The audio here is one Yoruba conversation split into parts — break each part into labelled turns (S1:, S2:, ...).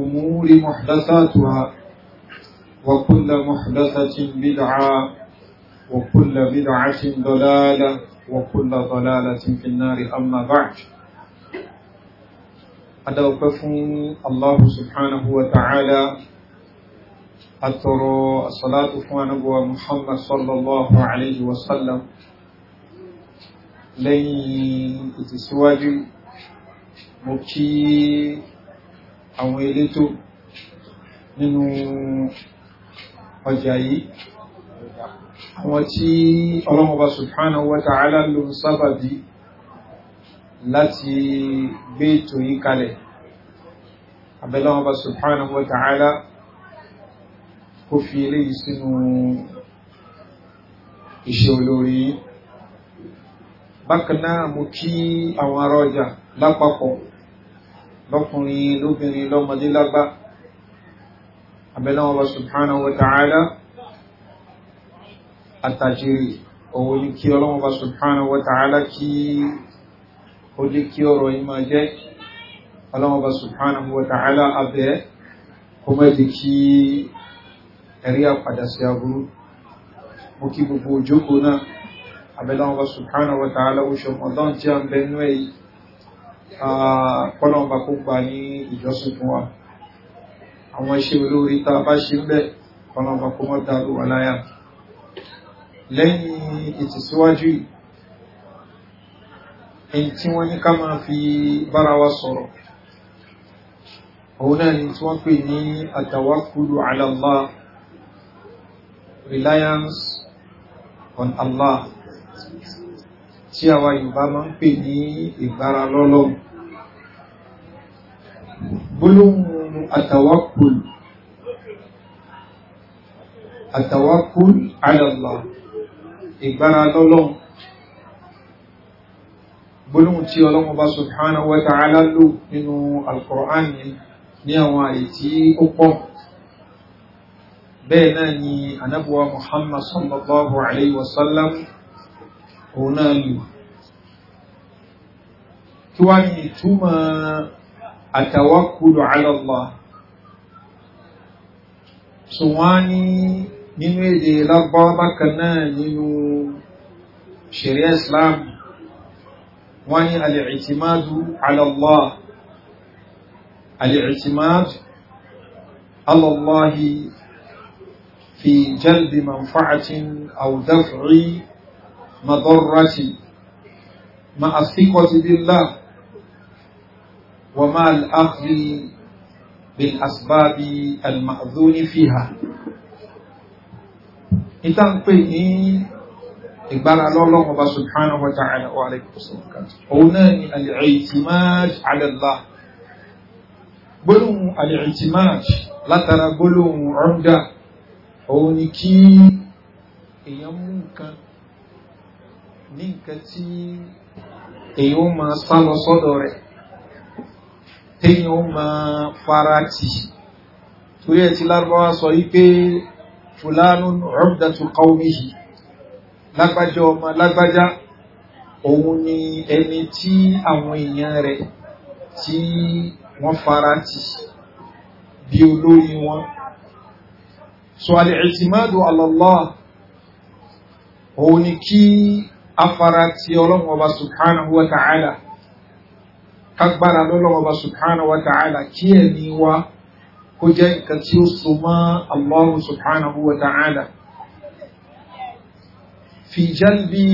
S1: الأمور محدثاتها وكل محدثة بدعة وكل بدعة ضلالة وكل ضلالة في النار أما بعد أدوقف الله سبحانه وتعالى أترى الصلاة فوانبوى محمد صلى الله عليه وسلم لين تسواجي مكي àwọn elétò nínú ọjà yìí àwọn tí ọlọ́mọba subhanahu wa ta'ala ló ń sábàbí láti gbé ètò yìí kalẹ̀ abẹ́lọ́mọba subhanahu wa ta'ala kó fi eléyìí sínú iṣẹ́ olórí yìí mú kí àwọn ará ọjà lápapọ̀ lọ́kùnrin lóbìnrin lọ́mọdé lágbà abẹ́lọ́wọ́ subhanahu wa ta'ala àtàjìrì òun ni kí ọlọ́wọ́ subhanahu wa ta'ala kí ó jẹ́ kí ọ̀rọ̀ yìí máa jẹ́ ọlọ́wọ́ subhanahu wa ta'ala abẹ́ kó mẹ́jì kí ẹ̀rí àpadà sí agbúrú mú kí kọ́lọ̀mbà kó gbà ní ìjọsìn fún wa àwọn iṣẹ́ olóorí tá bá ṣe ń bẹ̀ kọ́lọ̀mbà kó mọ́ dárú wà láyà lẹ́yìn ìtìsíwájú èyí tí wọ́n ní ká máa fi bára wa sọ̀rọ̀ òun náà ni tí wọ́n pè ní àtàwákùlù ala reliance on Allah tí àwa Yorùbá máa ń pè ní ìgbára lọ́lọ́run gbólóhùn àtàwákùl àtàwákùl ala Allah ìgbára lọ́lọ́run gbólóhùn tí ọlọ́run bá subhanahu wa ta'ala lò nínú al-Qur'an ní àwọn àyè tí ó pọ̀ bẹ́ẹ̀ náà ni anábuwa Muhammad sallallahu alayhi wa sallam òun kí wá ní ìtumọ̀ àtàwákùlù alọ́lá so wọ́n ní nínú èdè lágbọ́ bákan náà nínú ṣẹ̀rẹ́ islam wọ́n ní alìrìtìmáàdù alọ́lá alìrìtìmáàdù alọ́láhi fi jalbi manfa'atin aw daf'i madarrati ma'a thiqati billah ومع الأخذ بالأسباب المأذون فيها ìtànpé ní ìgbára lọ́lọ́wọ́ bá subhanahu wa ta'ala wa alaikumussalam òun náà ni al-i'timad ala Allah gbólóhùn al-i'timad látara gbólóhùn umda òun ni kí èyàn mú nǹkan ní nǹkan tí èyàn máa sálọ sọ́dọ̀ rẹ̀ téèyàn ó máa fara tì torí ẹ̀ tí lárúbáwá sọ yí pé fulanu ọ̀bdàtù qawmihi lágbájá ọmọ lágbájá òun ni ẹni tí àwọn èèyàn rẹ̀ tí wọ́n fara tì bí olórí wọn so al-i'timadu ala òun ni kí afara ti ọlọ́run ọba subhanahu wa kágbára lọ́lọ́wọ́ bá subhanahu wa ta'ala kí ẹ̀mí wa kó jẹ́ nǹkan tí ó so mọ́ Allahu subhanahu wa ta'ala fi jalbi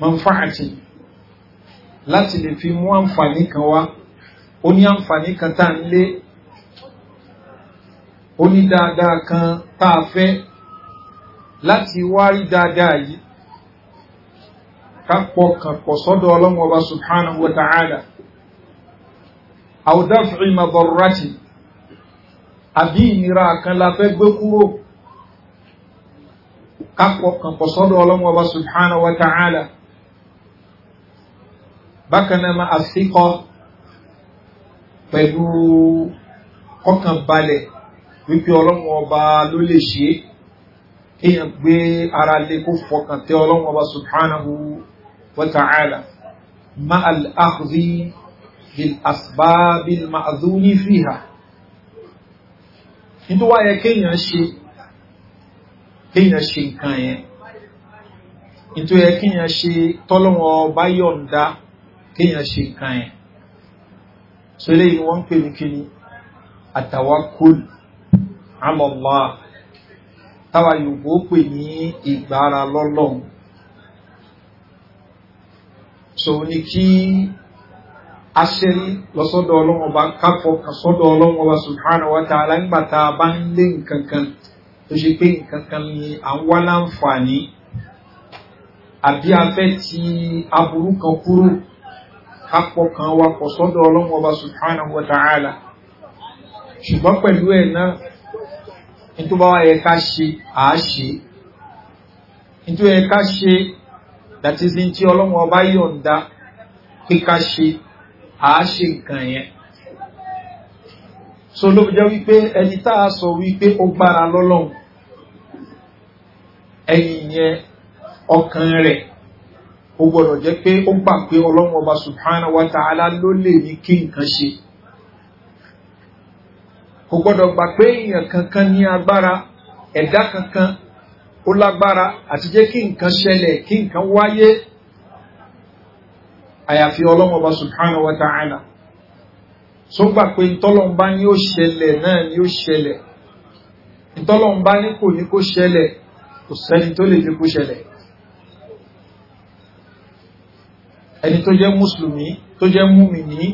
S1: manfa'ati láti lè fi mú àǹfààní kan wá ó ní àǹfààní kan tá ń lé ó ní dáadáa kan tá a fẹ́ láti wá dáadáa yìí kápọ̀ kàpọ̀ sọ́dọ̀ ọlọ́run ọba subhanahu wa ta'ala aw daf'i madarrati àbí ìnira kan la fẹ́ gbé kúrò kápọ̀ kàpọ̀ sọ́dọ̀ ọlọ́run ọba subhanahu wa ta'ala bákanáà ma àsìkọ́ pẹ̀lú ọkàn wípé ọlọ́run ló lè ṣe kéèyàn gbé ara lé kó fọkàn tẹ́ ọlọ́run ọba wa ta'ala وتعالى مع الأخذ بالأسباب المأذون فيها nítorí wáyé kéèyàn ṣe kéèyàn ṣe nǹkan yẹn nítorí yẹ kéèyàn ṣe tọ́lọ́wọ́ bá yọ̀ǹda kéèyàn ṣe nǹkan yẹn so eléyìí wọ́n ń pè ní kíni àtàwákùl ala Allah táwa yòókù ó pè ní ìgbára lọ́lọ́run so ní kí aṣẹ́rí lọ́sọ́dọ̀ ọlọ́wọ́n bá kápọ̀ sọ́dọ̀ ọlọ́wọ́n bá subhanahu wa ta'ala nígbà tá a bá ń lé nǹkan kan tó ṣe pé nǹkan kan ni à ń wá láǹfààní àbí afẹ́ ti aburú kan kúrò kápọ̀ kan wá pọ̀ sọ́dọ̀ ọlọ́wọ́n bá subhanahu wa ta'ala ṣùgbọ́n pẹ̀lú ẹ̀ náà nítorí bá wá yẹ ká ṣe àá ṣe nítorí yẹ ká ṣe that is ní tí ọlọ́run ọba yọ̀ǹda pé ká ṣe àá ṣe nǹkan yẹn so ló jẹ́ wípé ẹni tá a sọ wípé ó gbára lọ́lọ́run ẹ̀yìn yẹn ọkàn rẹ̀ ó gbọ́dọ̀ jẹ́ pé ó gbà pé ọlọ́run ọba Subhana wa ta'ala ló lè ní kí nǹkan ṣe kò gbọ́dọ̀ gbà pé èèyàn kankan ní agbára ẹ̀dá kankan ó lágbára àti jẹ́ kí nǹkan ṣẹlẹ̀ kí nǹkan wáyé àyàfi ọlọ́run ọba subhanahu wa ta'ala so gbà pé ntọ́lọ́mbá ní ó ṣẹlẹ̀ náà ni ó ṣẹlẹ̀ ntọ́lọ́mbá ní kò ní kó ṣẹlẹ̀ kò sẹ́ni tó lè fi kó ṣẹlẹ̀ ẹni tó jẹ́ mùsùlùmí tó jẹ́ múmìní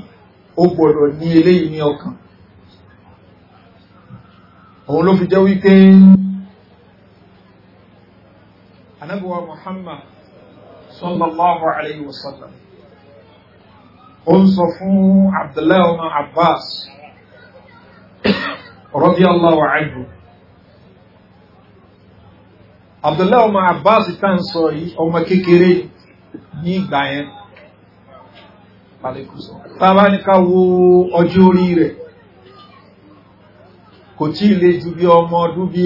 S1: ó gbọ́dọ̀ ní eléyìí ní ọkàn òun ló fi jẹ́ wípé anábíwá muhammad sallallahu alayhi wa sallam ó ń sọ fún abdullahi ọmọ abbas radiyallahu anhu abdullahi ọmọ abbas tá ń sọ yìí ọmọ kékeré ní ìgbà yẹn tàbá ní ká wo ọjọ́ orí rẹ̀ kò tí ì lè ju bí ọmọ ọdún bí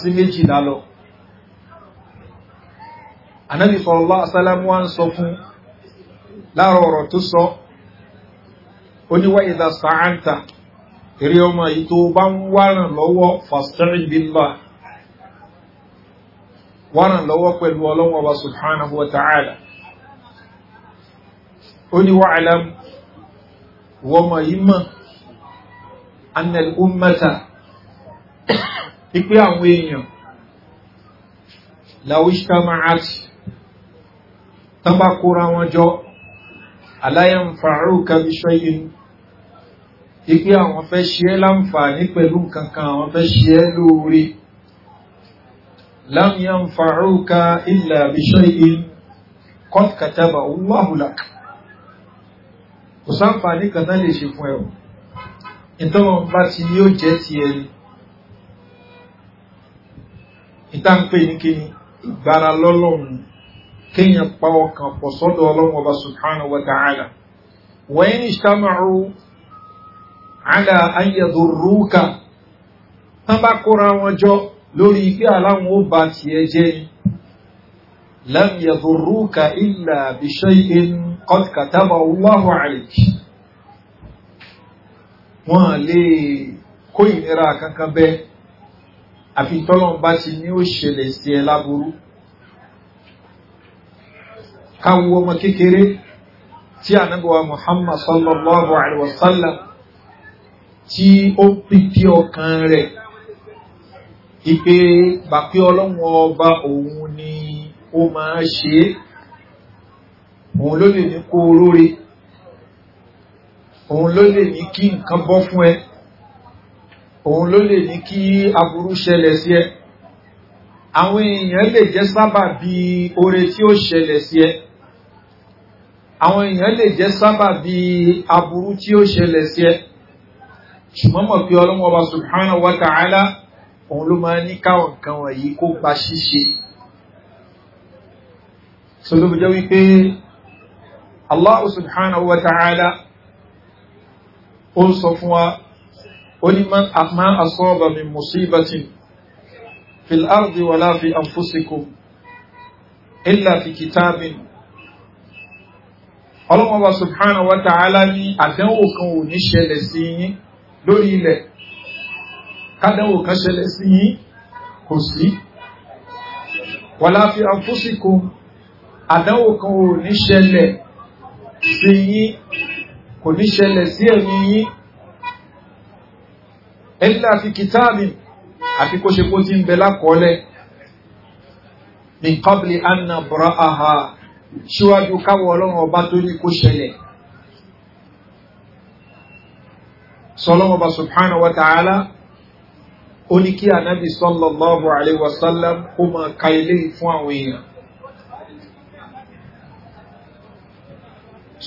S1: sí méjìlá lọ anábì sallallahu alaihi wasallam wá ń sọ fún láàrọ̀ ọ̀rọ̀ tó sọ oníwá idha sa'anta eré ọmọ yìí tó bá ń wárán lọ́wọ́ fasta'in billah wárán lọ́wọ́ pẹ̀lú ọlọ́wọ́ wa subhanahu wa ta'ala oníwá tán bá kóra wọn jọ aláyẹnfàárùkà bí ṣọ́yìn ipé àwọn fẹ́ ṣe é láǹfààní pẹ̀lú kankan àwọn fẹ́ ṣe é lóore láyẹnfàárùkà ilẹ̀ bí ṣọ́yìn kọ́tkàtàbà wáhùlák kò sáǹfààní kan náà lè ìgbára lọ́lọ́run kéèyàn pa ọkàn pọ̀ sọ́dọ̀ ọlọ́run ọba subhanahu wa ta'ala wa in ijtama'u ala an yadurruka tán bá kóra wọn jọ lórí pé aláwọn ó bá tiẹ̀ jẹ́ ni lam yadurruka illa bi shay'in qad katabahu Allahu wọ́n lè kó ìnira kankan bẹ́ẹ̀ àfi káwọ ọmọ kékeré tí ànábọ̀wà Muhammad sallallahu alaihi wasallam tí ó pípí ọkàn rẹ̀ ìpé bàpí ọlọ́run ọba òun ni ó máa ṣe é òun ló lè ní kó róre òun ló lè ní kí nǹkan bọ́ fún ẹ òun ló lè ní kí aburú ṣẹlẹ̀ sí ẹ àwọn èèyàn lè jẹ́ sábà bí oore tí ó ṣẹlẹ̀ sí ẹ àwọn èèyàn lè jẹ́ sábàbí aburú tí ó ṣẹlẹ̀ sí ẹ ṣùgbọ́n mọ̀ pé ọlọ́run ọba subhanahu wa ta'ala òun ló máa ní káwọn kan wọ̀nyí kó gba ṣíṣe so ló fi wípé Allah subhanahu wa ta'ala ó sọ fún wa ó ní ma asaba min musibatin fil ardi wala fi illa fi kitabin ọlọ́mọba subhanahu wa ta'ala ní àdánwò kan ò ní ṣẹlẹ̀ sí yín lórí ilẹ̀ kádánwò kan ṣẹlẹ̀ sí yín kò sí wala fi anfusikum àdánwò kan ò ní ṣẹlẹ̀ sí yín kò ní ṣẹlẹ̀ sí ẹ̀mí yín illa fi kìtàbì àti kó ṣe kó ti ń bẹ lákọọ́lẹ̀ min qabli anna bra'aha síwájú káwọ ọlọ́run ọba tó ní kó ṣẹlẹ̀ sọlọ́run ọba subhanahu wa ta'ala ó ní kí ànábì sallallahu alaihi wasallam kó máa ka ilé fún àwọn èèyàn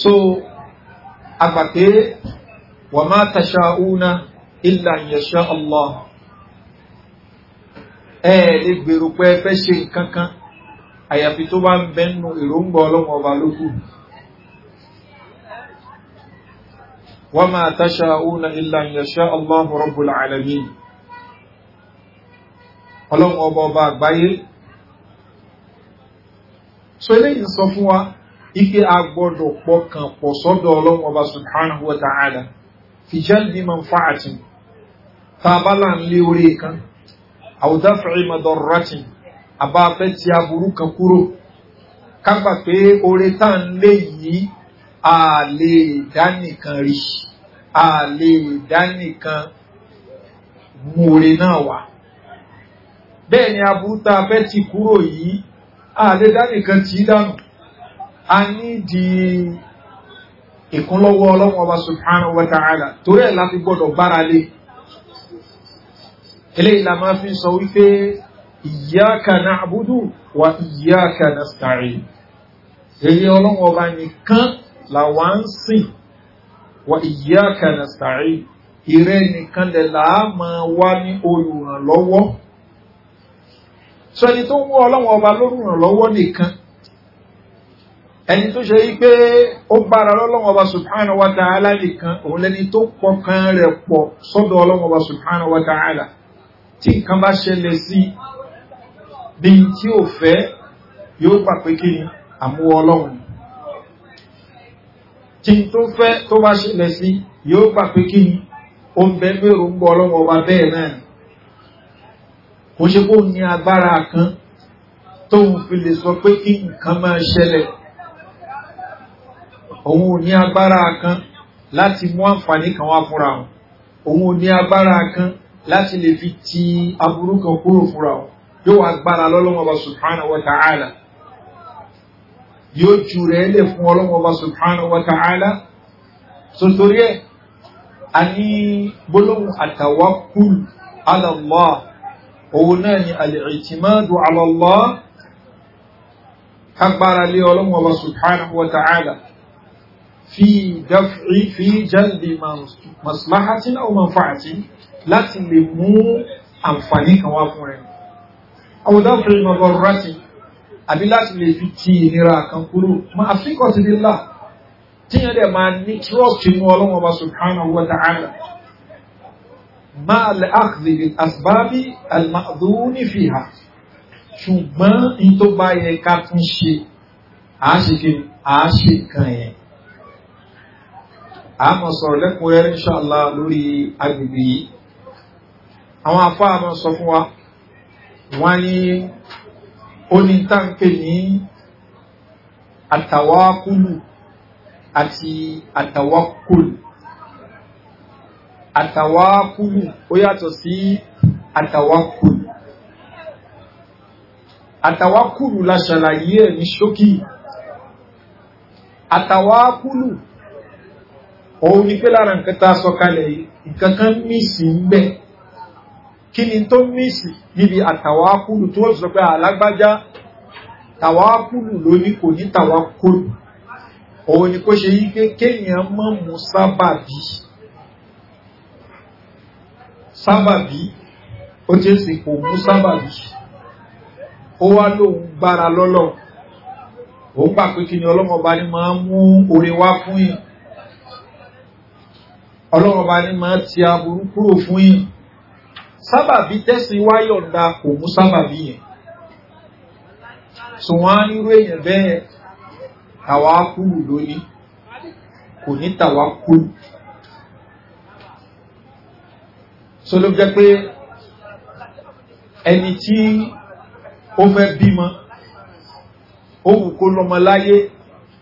S1: so agbàpé wa ma tasha'una illa yasha Allah ẹ̀ẹ́dẹ́gbèrò pé ẹ fẹ́ ṣe nǹkan kan àyàfi tó bá ń bẹ́nu èròǹgbà ọlọ́run ọba lókù wa ma tasha'una illa an yasha Allahu rabbul alamin ọlọ́run ọba ọba àgbáyé so eléyìí sọ fún wa ike agbọ́dọ̀ pọkàn pọ̀ sọ́dọ̀ ọlọ́run ọba subhanahu wa ta'ala fi jalbi manfa'atin tá a bá ń lé orí kan aw daf'i àbá fẹ́ ti aburú kan kúrò ká gbà pé oore tá à lé yìí a lè dá nìkan rí a lè dá nìkan mú oore náà wá bẹ́ẹ̀ ni aburú tá a fẹ́ ti kúrò yìí a lè dá nìkan tí dànù a ní di ìkúnlọ́wọ́ ọlọ́wọ́ ọba subhanahu wa ta'ala torí ẹ̀ láti gbọ́dọ̀ gbára lé eléyìí la máa fi sọ wípé ìyáka na'budu wa ìyáka nasta'in èyí ọlọ́run ọba nìkan làwa ń sìn wa ìyáka nasta'in ìrẹ́ nìkan lẹ̀ làá máa wá ní olùrànlọ́wọ́ sọ ẹni tó ń wọ́ ọlọ́run ọba lórùrànlọ́wọ́ nìkan ẹni tó ṣe wípé ó gbára lọ́lọ́wọ́ ọba subhanahu wa ta'ala nìkan òun lẹni tó pọkàn rẹ̀ pọ̀ sọ́dọ̀ ọlọ́wọ́ ọba subhanahu wa ta'ala tí nǹkan bá ṣẹlẹ̀ sí ní tí ó fẹ́ yóò pà pé kí ni àmúwọ ọlọ́run tí tó fẹ́ tó bá ṣẹlẹ̀ sí yóò pà pé kí ni ó ń bẹ́ẹ̀ mẹ́rọ ń gbọ́ ọlọ́run ọba bẹ́ẹ̀ náà kò ṣe kó ní agbára kan tóun fi lè sọ pé kí nǹkan máa ṣẹlẹ̀ òun ò ní agbára kan láti mú àǹfààní kan wá fúnra òun ò ní agbára kan láti lè fi ti aburú kan kúrò fúnra wọn yóò wá gbára lọ́lọ́wọ́ bá subhanahu wa ta'ala yóò jù rẹ̀ lè fún ọlọ́wọ́ bá subhanahu wa ta'ala so torí ẹ̀ a ní gbólóhùn àtàwákùl ala Allah òun náà ni al-i'timadu ala Allah lé ọlọ́wọ́ subhanahu wa ta'ala fi daf'i fi jalbi maslahatin aw manfa'atin láti lè mú àǹfààní kan wá fún ẹni àwọn ìdáfẹ́ ìmọ̀bọ̀ rásì àbí láti lè fi ti ìnira kan kúrò ma àfikọ̀ ti lè là tí yẹn dẹ̀ máa ní trust inú ọlọ́run ọba subhanahu wa ta'ala máa lè àkàdé asbábí almadhuni fiha ṣùgbọ́n in tó bá yẹ ká tún ṣe àáṣekè àáṣe yẹn a mọ̀ sọ̀rọ̀ lẹ́kùnrẹ́rẹ́ insha Allah lórí agbègbè yìí àwọn afá àmọ́ sọ fún wa wọ́n ní ó ní táǹpé ní àtàwákùlù àti àtàwákùlù àtàwákùlù ó yàtọ̀ sí àtàwákùlù àtàwákùlù la ṣàlàyé ẹ̀ ní ṣókí àtàwákùlù òun ni pé lára nǹkan tá sọ kalẹ̀ nǹkan kan sí ń bẹ́ẹ̀ kí ni tó mísì níbi àtàwákùlù tó sọ pé alágbájá tàwákùlù ló ní kò ní tàwákùlù òun ni kó ṣe yí pé kéèyàn mọ́ mú sábàbí sábàbí ó ti sì kò mú sábàbí ó wá lóun gbára lọ́lọ́ ó gbà pé kí ni ọlọ́mọba ni máa mú oore wá fún yìí ọlọ́mọba ni máa ti aburú kúrò fún yìí sábàbí tẹ́sí wáyọ̀ da kò mú sábàbí yẹn so wọ́n á nírú èèyàn bẹ́ẹ̀ tàwákùlù lóní kò ní tàwákùlù so ló jẹ́ pé ẹni tí ó fẹ́ bímọ ó wù kó lọ́mọ láyé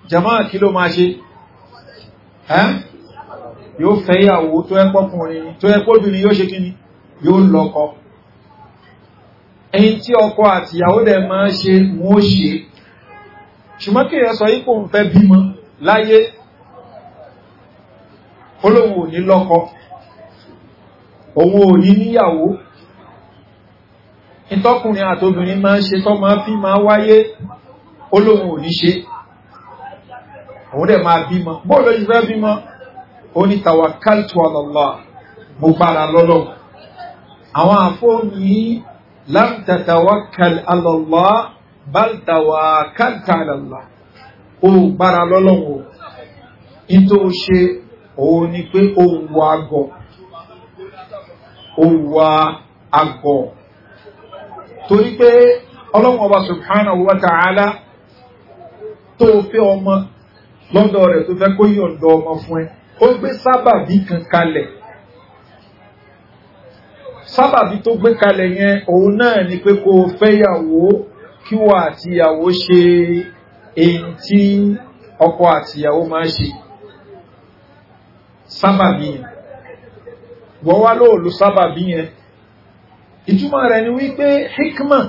S1: jamaa kí ló máa ṣe yóò fẹ́ ìyàwó tó ẹ́pọ̀kùnrin tó ẹ́pọ̀bìnrin yóò ṣe kí ni yóò lọ́kọ ẹ̀yìn tí ọkọ àti ìyàwó dẹ̀ máa ṣe wọ́n ṣe ṣùgbọ́n kí ẹ sọ ipò ń fẹ́ bímọ láyé olóhun ò ní lọ́kọ òun ò ní níyàwó ìtọ́kùnrin àtobìnrin máa ń ṣe tọ́ máa fi máa wáyé olóhun ní ṣe òun dẹ̀ máa bímọ bóòlò ìfẹ́ bímọ ó ní tàwàkáltù ala Allah àwọn àfóònì lam tatawakkal ala Allah bal tawakkalta ala Allah ó gbára lọ́lọ́wọ́ ìtò ṣe òun ni pé òun wọ agọ̀ òun wọ agọ̀ torí pé ọlọ́wọ́ ọba subhanahu wa ta'ala tó fẹ́ ọmọ lọ́dọ̀ rẹ̀ tó fẹ́ kó yọ̀ǹdọ̀ ọmọ fún ẹ ó gbé sábàbí kan kalẹ̀ sábàbí tó gbé kalẹ̀ yẹn òun náà ni pé kó fẹ́yàwó kí wà àti ìyàwó ṣe èyí tí ọkọ àti ìyàwó máa ṣe sábàbí yẹn wọ́n wá lóòlù sábàbí yẹn ìtumọ̀ rẹ̀ ni wípé hikma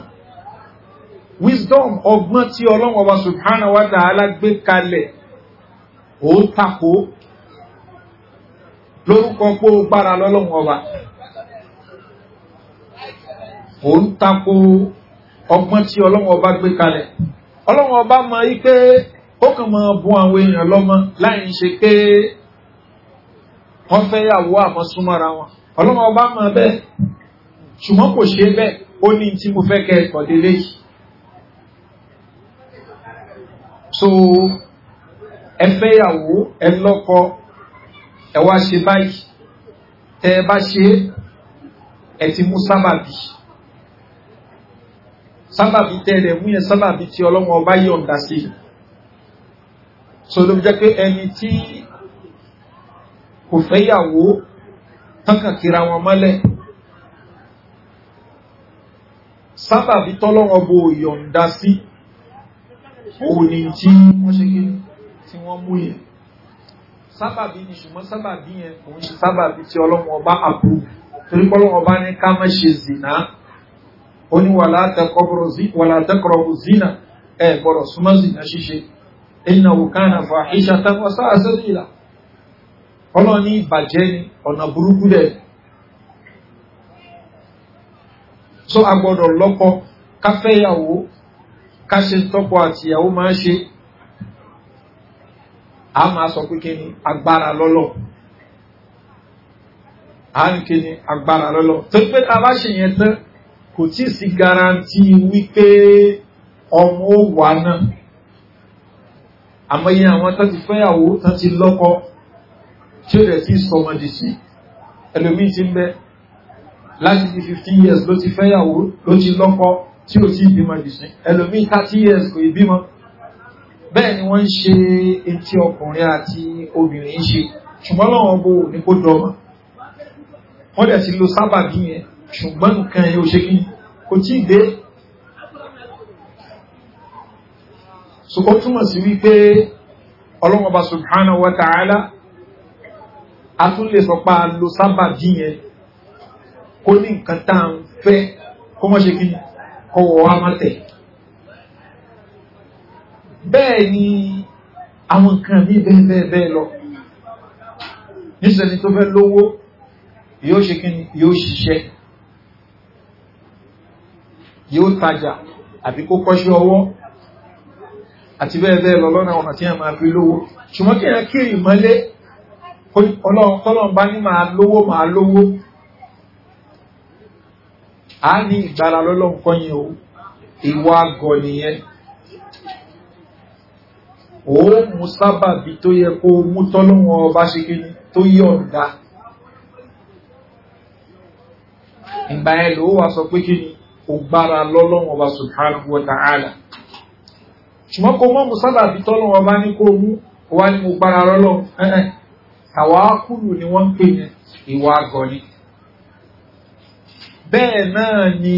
S1: wisdom ọgbọ́n tí ọlọ́wọ́ wa subhanahu wa ta'ala gbé kalẹ̀ ó tako lórúkọ pé ó gbára lọ́lọ́wọ́ wa ó ń tako ọgbọ́n tí ọlọ́wọ́ ọba gbé kalẹ̀ ọlọ́wọ́ ọba mọ wípé ó kàn mọ bu àwọn èèyàn lọ́mọ láì ṣe pé wọ́n fẹ́ yàwó àmọ́ súnmọ́ra wọn ọlọ́wọ́ ọba mọ bẹ́ẹ̀ ṣùgbọ́n kò ṣe bẹ́ẹ̀ ó ní tí mo fẹ́ kẹ́ ẹ̀kọ́ délé yìí so ẹ fẹ́ yàwó ẹ lọ́kọ ẹ wá ṣe báyìí tẹ́ ẹ bá ṣe ẹ ti mú sábàbí sábàbí tẹ́lẹ̀ mú yẹn sábàbí tí ọlọ́wọ́ ọba yọ̀ǹda sí so ló jẹ́ pé ẹni tí kò fẹ́yàwó tánkà kíra wọn mọ́lẹ̀ sábàbí tọ́lọ́wọ́ bo yọ̀ǹda sí òun ni tí wọ́n ṣe kí tí wọ́n mú yẹn sábàbí ni ṣùgbọ́n sábàbí yẹn kò ń ṣe sábàbí tí ọlọ́wọ́ ọba àbú torí pọ́lọ́wọ́ ọba ní ká má ṣe zìnà. ó ní wà látẹ́kọ̀rọ̀ zina ẹ gbọ́rọ̀ súnmọ́ zina ṣíṣe iná òkànà fàáhíṣà tàbí àṣẹ́sílà ọlọ́ni ni ọ̀nà burúkú dẹ̀ so a gbọ́dọ̀ lọ́kọ káfẹ́yàwó káṣe tọ́pọ̀ àtìyàwó máa ṣe a máa sọ pé kí ni agbára lọ́lọ́ kò tí sí garanti wípé ọmọ ó wà náà àmọ́yé àwọn tán ti fẹ́yàwó tán ti lọ́kọ tí ó rẹ̀ tí sọmọdì sí ẹlòmí ti ń bẹ láti ti 15 years ló ti fẹ́yàwó ló ti lọ́kọ tí ó ti bímọ dì sí ẹlòmí 30 years kò ìbímọ bẹ́ẹ̀ ni wọ́n ń ṣe etí ọkùnrin àti obìnrin ń ṣe ṣùgbọ́n lọ́wọ́ bó ní kó dọ́mà wọ́n dẹ̀ ti lo sábàbí yẹn ṣùgbọ́n nǹkan yóò ṣe kí kò tí dé so ó túnmọ̀ sí wípé ọlọ́mọba subhanahu wa ta'ala a tún lè sọpá lo sábà díyẹn kó ní nǹkan tá ń fẹ́ kó mọ́ ṣe kí kọwọ́ wá má tẹ̀ bẹ́ẹ̀ ni àwọn nǹkan ní bẹ́ẹ̀ bẹ́ẹ̀ bẹ́ẹ̀ lọ tó fẹ́ lówó yóò ṣe kí yóò ṣiṣẹ́ yóò tajà àbí kó kọ́ṣẹ́ ọwọ́ àti bẹ́ẹ̀ bẹ́ẹ̀ lọ lọ́nà ọ̀nà tí a máa fi lówó ṣùgbọ́n kí èèyàn kiri mọ́lé ọlọ́run bá ní máa lówó máa lówó a ní ìgbára lọ́lọ́run o ìwà àgọ̀ nìyẹn ó mú sábàbí tó yẹ kó mú tọ́lọ́run ọba ṣe kí tó yí ọ̀dà ìgbà ẹ̀ ló wà sọ pé kí ni kò gbára lọ́lọ́wọ́ ọba subhanahu wa ta'ala ṣùgbọ́n kò mọ́ musálà bí tọ́lọ́wọ́ ọba ní kó mú wá ní mo lọ́lọ́ ẹ̀ẹ́ tàwákùlù ni wọ́n ń pè ní ìwà gọ̀ọ́lì bẹ́ẹ̀ náà ni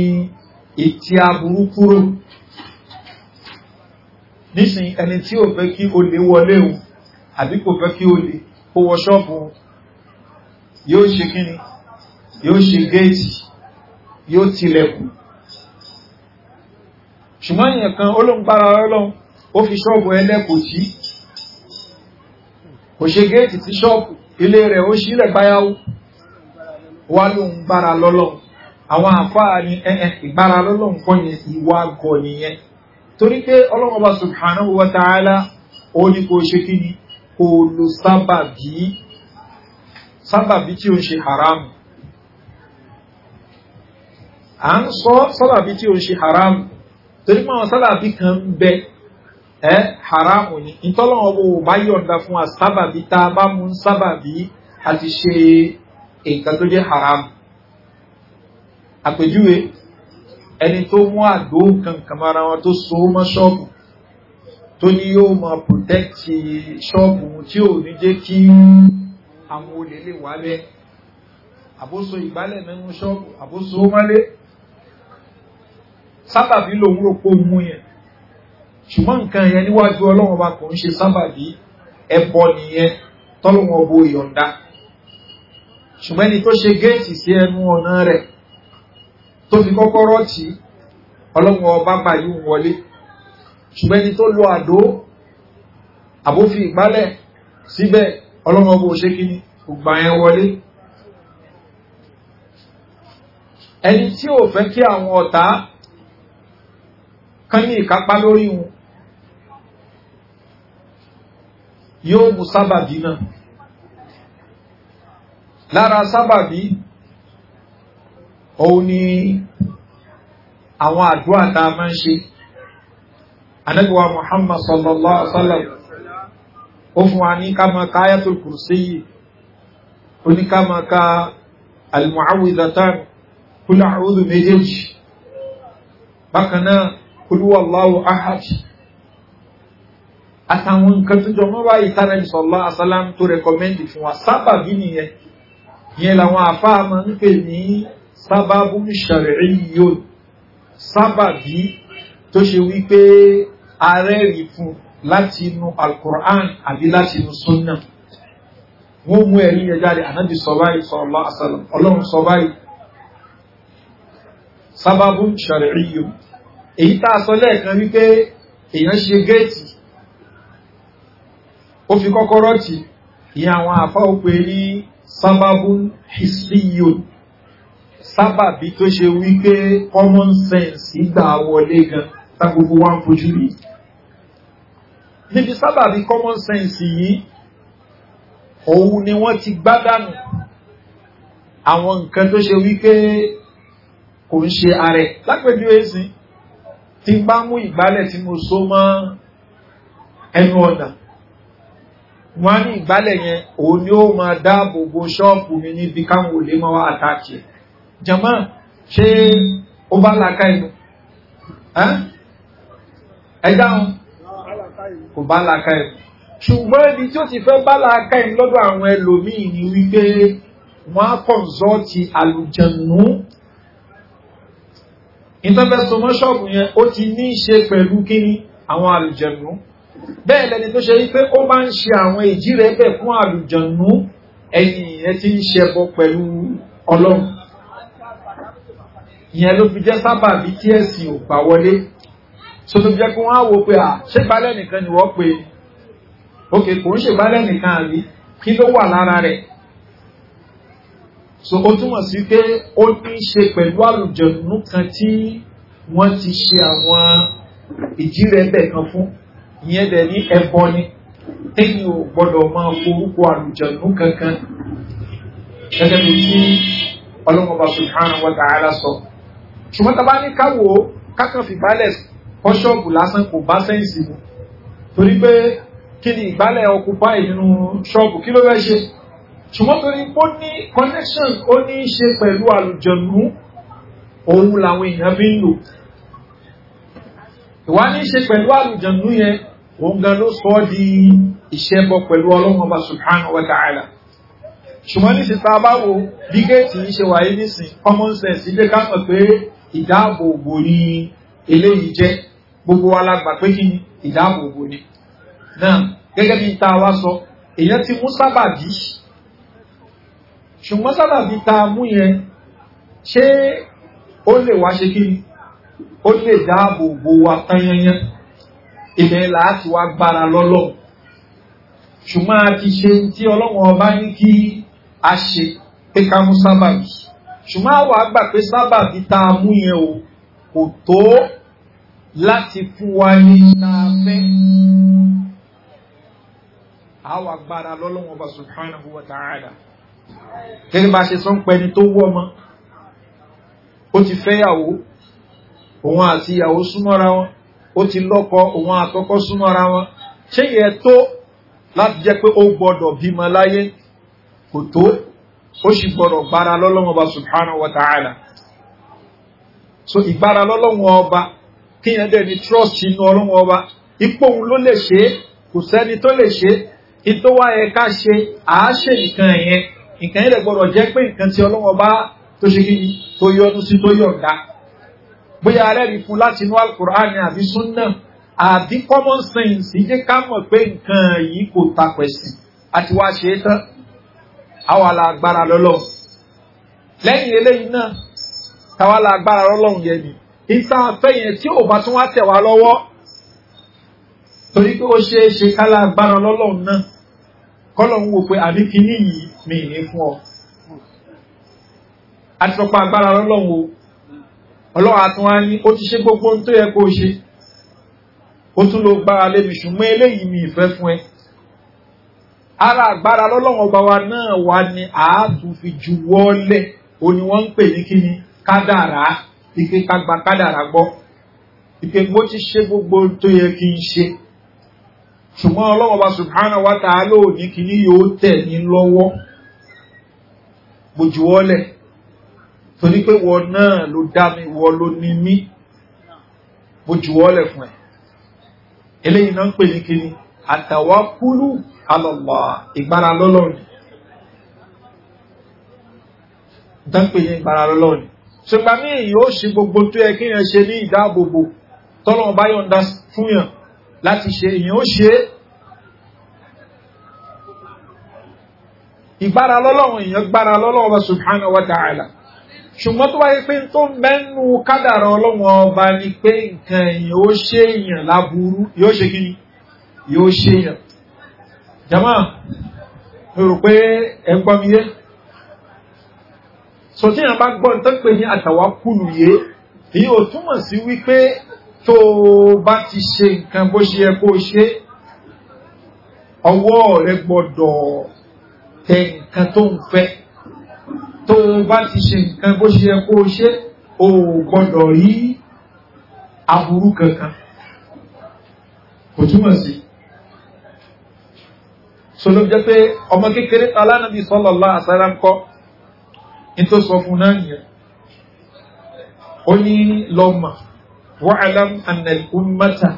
S1: ìtì aburú kúrò nísìn ẹni tí ò fẹ́ kí olè wọlé o àbí kò fẹ́ kí olè kó wọ ṣọ́ọ̀bù yóò ṣe kíni yóò ṣe géètì yóò tilẹ̀kùn ṣùgbọ́n èèyàn kan olóńgbára ọlọ́run ó fi ṣọ́ọ̀bù ẹlẹ́kùn tí kò ṣe géètì tí ṣọ́ọ̀bù ilé rẹ̀ ó ṣílẹ̀ gbáyàwó wá ló ń gbára lọ́lọ́run àwọn àfáà ní ẹ̀ẹ́ ìgbára lọ́lọ́run kọ́ yẹn ìwà gọ̀ nìyẹn torí pé ọlọ́run torí pé àwọn sábàbí kan ń bẹ ẹ haramu ni ìtọ́lọ́wọ́ bò bá yọ̀ǹda fún wa sábàbí tá a bá mú sábàbí àti ṣe nǹkan tó jẹ́ haramu àpèjúwe ẹni tó mú àdó kankan mara wọn tó so mọ́ ṣọ́ọ̀bù tó ní yóò máa pòtẹ́kì ṣọ́ọ̀bù tí ò ní jẹ́ kí àwọn olè lè wálẹ̀ àbóso ìgbálẹ̀ mẹ́nu ṣọ́ọ̀bù àbóso mọ́lé sábàbí lòun rò pé òun mú yẹn ṣùgbọ́n nǹkan yẹn níwájú ọlọ́run ọba kò ń ṣe sábàbí ẹbọ nìyẹn tọ́lọ́wọ́n ọba òyọ̀ǹda ṣùgbọ́n ẹni tó ṣe géètì sí ẹnu ọ̀nà rẹ̀ tó fi kọ́kọ́rọ́ tì í ọlọ́run ọba gbà yóò wọlé ṣùgbọ́n ẹni tó lo àdó àbófin ìgbálẹ̀ síbẹ̀ ọlọ́run ọba òṣè kí ògbà yẹn wọlé ẹni tí ò fẹ́ kí àwọn ọ̀tá kán ní ìkápá lórí wọn yóò mú sábàbí náà lára sábàbí òun ni àwọn àdúrà tá a máa ń ṣe anẹ́gbẹ̀wà Muhammad sallallahu alaihi wasallam ó fún wa ní ká máa ka ayatul kursiyyi ó ní ká ka al-mu'awwidhatan kul méjèèjì bákan olúwàláwò ahad àtàwọn nǹkan tó jọmọ́ báyìí tánà ìsọ̀lá asálám tó rẹkọmẹ́ndì fún wa sábà bí nìyẹn yẹn làwọn àfáà máa ń pè ní sábàbù ṣàrẹ̀ẹ́yò sábà bí tó ṣe wípé ààrẹ rí fún láti inú alkùrán àbí láti inú súnnà wọ́n mú ẹ̀rí yẹn jáde ànábì sọ báyìí sallallahu alaihi wasallam ọlọ́run sọ báyìí sábàbù ṣàrẹ̀ẹ́yò èyí tá a sọ lẹ́ẹ̀kan wípé èèyàn ṣe géètì ó fi kọ́kọ́rọ́ tì ìyẹn àwọn àfá ó pè ní sábàbùn hìsíyò sábàbí tó ṣe wípé common sense ìgbà wọlé gan tá gbogbo wa ń fojú rí níbi sábàbí common sense yìí òun ni wọ́n ti gbádànù àwọn nǹkan tó ṣe wípé kò ń ṣe ààrẹ lápẹ̀jú èsìn tí bá mú ìgbálẹ̀ tí mo so mọ́ ẹnu ọ̀nà wọ́n ní ìgbálẹ̀ yẹn òun ni ó máa dáàbò bo ṣọ́ọ̀pù mi níbi káwọn olè máa wá àtàkì ẹ̀ jẹ̀mọ́ ṣé ó bá làákà ìlú ẹ dáhùn kò bá làákà ìlú ṣùgbọ́n ibi tí ó ti fẹ́ bá làákà ìlú lọ́dọ̀ àwọn ẹlòmíì ni wípé wọ́n á kọ̀ǹsọ́ọ̀tì àlùjẹ̀nù ìtọ́fẹ́sọ mọ́ ṣọ́ọ̀bù yẹn ó ti ní í ṣe pẹ̀lú kíní àwọn àlùjẹ̀nú bẹ́ẹ̀ lẹni tó ṣe wípé ó máa ń ṣe àwọn ìjì rẹ̀ bẹ̀ fún àlùjẹ̀nú ẹ̀yìn ìyẹn ti ń ṣẹbọ pẹ̀lú ọlọ́run ìyẹn ló fi jẹ́ sábà bí tí ẹ̀sìn ò gbà wọlé tó jẹ́ kí wọ́n á wo pé à ṣé gbálẹ̀ nìkan ni wọ́n pe òkè kò ń ṣègbálẹ̀ nìkan àbí kí ló wà lára rẹ̀ so ó túmọ̀ sí pé ó ní ṣe pẹ̀lú àlùjọ̀nù kan tí wọ́n ti ṣe àwọn ìjírẹ̀bẹ̀ kan fún ìyẹn dẹ̀ ní ẹbọ ni téèyàn ò gbọ́dọ̀ máa forúkọ àlùjọ̀nù kankan gẹ́gẹ́ bí tí ọlọ́mọba subhanahu wa ta'ala sọ ṣùgbọ́n tá a bá ní káwọ́ kákan fi balẹ̀ kọ́ṣọ́ọ̀bù lásán kò bá sẹ́ǹsì mu torí pé kí ni ìgbálẹ̀ ọkùpá ìnú ṣọ́ọ̀bù kí ló fẹ́ ṣe ṣùgbọ́n torí pé ó ní connection ó ní í ṣe pẹ̀lú àlùjọ̀nù òun làwọn èèyàn fi ń lò ìwà ní ṣe pẹ̀lú àlùjọ̀nù yẹn òun gan ló sọ ọ́ di ìṣẹ́bọ pẹ̀lú ọlọ́run ọba subhanahu wa ta'ala ṣùgbọ́n ní sísá bá wo bí géètì yìí ṣe wáyé nísìn common sense ilé ká mọ̀ pé ìdáàbòbò ni eléyìí jẹ́ ti mú sábàbí ṣùgbọ́n sábàbí ta mú yẹn ṣé ó lè wá ṣe kí ó lè dáàbò bo wa tán yanyan ibẹ̀ láti wá gbára lọ́lọ́ ṣùgbọ́n a ti ṣe tí ọlọ́wọ́n ọba ní kí a ṣe pé ká mú sábàbí ṣùgbọ́n àwa gbà pé sábàbí ta mú yẹn o kò tó láti fún wa ní ìtafẹ́ àwa gbára lọ́lọ́wọ́n ọba subhanahu wa ta'ala gẹ́gẹ́ bá ṣe sọ ń pẹni tó wọ́ ọmọ ó ti fẹ́yàwó òun àti ìyàwó súnmọ́ra wọn ó ti lọ́kọ òun àtọ́kọ́ súnmọ́ra wọn ṣé yẹ tó láti jẹ́ pé ó gbọ́dọ̀ bímọ láyé kò tó ó sì gbọ́dọ̀ gbára lọ́lọ́wọ́ ọba subhanahu wa ta'ala so ìgbára lọ́lọ́wọ́ ọba kíyàn dẹ̀ ní trust inú ọlọ́wọ́ ọba ipò òun ló lè ṣe kò sẹ́ni tó lè ṣe ìtọ́wá ẹ̀ka ṣe àáṣe nìkan ẹ̀yẹn nǹkan ilẹ̀ gbọ́dọ̀ jẹ́ pé nǹkan tí ọlọ́wọ́ bá tó ṣe kí tó yọnu sí tó yọ̀ǹda bóyá alẹ́rìí fún láti inú alukur'ani àbí sunna àbí common sense jẹ́ ká mọ̀ pé nǹkan yìí kò tapẹ̀ sí àti wá ṣe é tán àwa la agbára lọ́lọ́ lẹ́yìn eléyìí náà táwa la agbára lọ́lọ́run yẹn ni ìta afẹ́ yẹn tí ò bá tún wá tẹ̀ wá lọ́wọ́ torí pé ó ṣeé ṣe ká la agbára lọ́lọ́run náà kọ́lọ̀ ń wò pé àbí kíní yìí mi ní fún ọ àti sọpá agbára lọ́lọ́wọ́ ọlọ́wọ́ àtún wá ní ó ti ṣe gbogbo tó yẹ kó ṣe ó tún ló gbára lébi ṣùgbọ́n eléyìí mi ìfẹ́ fún ẹ ara agbára lọ́lọ́wọ́ ọba wa náà wá ní àátún fi ju wọ́lẹ̀ ó ní wọ́n ń pè ní kíni kádàrá ike kagbà kádàrá gbọ́ ike mo ti ṣe gbogbo tó yẹ kí n ṣe ṣùgbọ́n ọlọ́wọ́ bá subhanahu wa ta'ala ní kì ní yóò tẹ̀ ní lọ́wọ́ bójúwọ́lẹ̀ tó ní pé wọ náà ló dá mi wọ ló ní mí bójúwọ́lẹ̀ fún ẹ̀ eléyìí náà ń pè ní kí ni àtàwákúlù ala Allah ìgbára lọ́lọ́run dáńpé ní ìgbára lọ́lọ́run bá yọ̀ǹda fún yàn láti ṣe èyàn ó ṣe ìgbára lọ́lọ́run èyàn gbára lọ́lọ́run ọba subhanahu wa ta'ala ṣùgbọ́n tó wáyé pé tó mẹ́nu kádàrà ọlọ́run ọba ni pé nǹkan èyàn ó ṣe èyàn láburú yóò ṣe kí ni yóò ṣe èyàn jama mo rò pé ẹ gbọ́ mi yé sọ tí èyàn bá gbọ́ ní tó ń pè ní àtàwákùlù yé èyí ò túmọ̀ sí wípé tó bá ti ṣe nǹkan bó ṣe yẹ kó ṣe ọwọ́ rẹ gbọ́dọ̀ tẹ nǹkan tó ń fẹ́ tó bá ti ṣe nǹkan bó ṣe yẹ ṣe o gbọ́dọ̀ rí aburú kankan kò túmọ̀ sí sọlọ jẹ pé ọmọ kékeré alánàbí sallallahu alaihi wasallam ńkọ́ ní tó sọ fún náà nìyẹn ó ní lọ́mọ̀ wa'alam anna ummata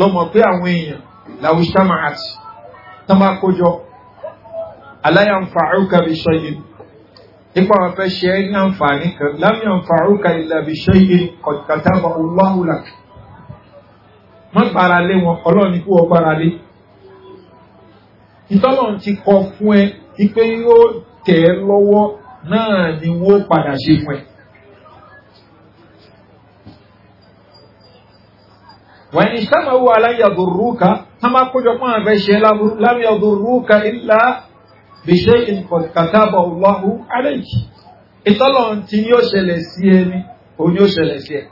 S1: lọ́mọ pé àwọn èèyàn làwùsàmà àti tamakójọ aláyànfàáúkà bí ṣọ́yìn ipa wọn fẹ́ ṣe ní àǹfààní kan lámìyànfàáúkà illa bí ṣọ́yìn kọ̀tàbà olúwàhùlà má gbára lé wọn ọlọ́ni kú wọ́n gbára lé ìtọ́lọ́n ti kọ fún ẹ wípé yóò tẹ̀ lọ́wọ́ náà ni wọ́n padà ṣe fún ẹ wọ́n ní sáma wo aláyàdùrúkà tán bá kójọ pọ́n àfẹ́ ṣe láyàdùrúkà ilá bìṣẹ́ ìkọ̀kàtàbọ̀ ọlọ́hu aláìkì ìtọ́lọ̀ tí ní ó ṣẹlẹ̀ sí ẹni òní ó ṣẹlẹ̀ sí ẹ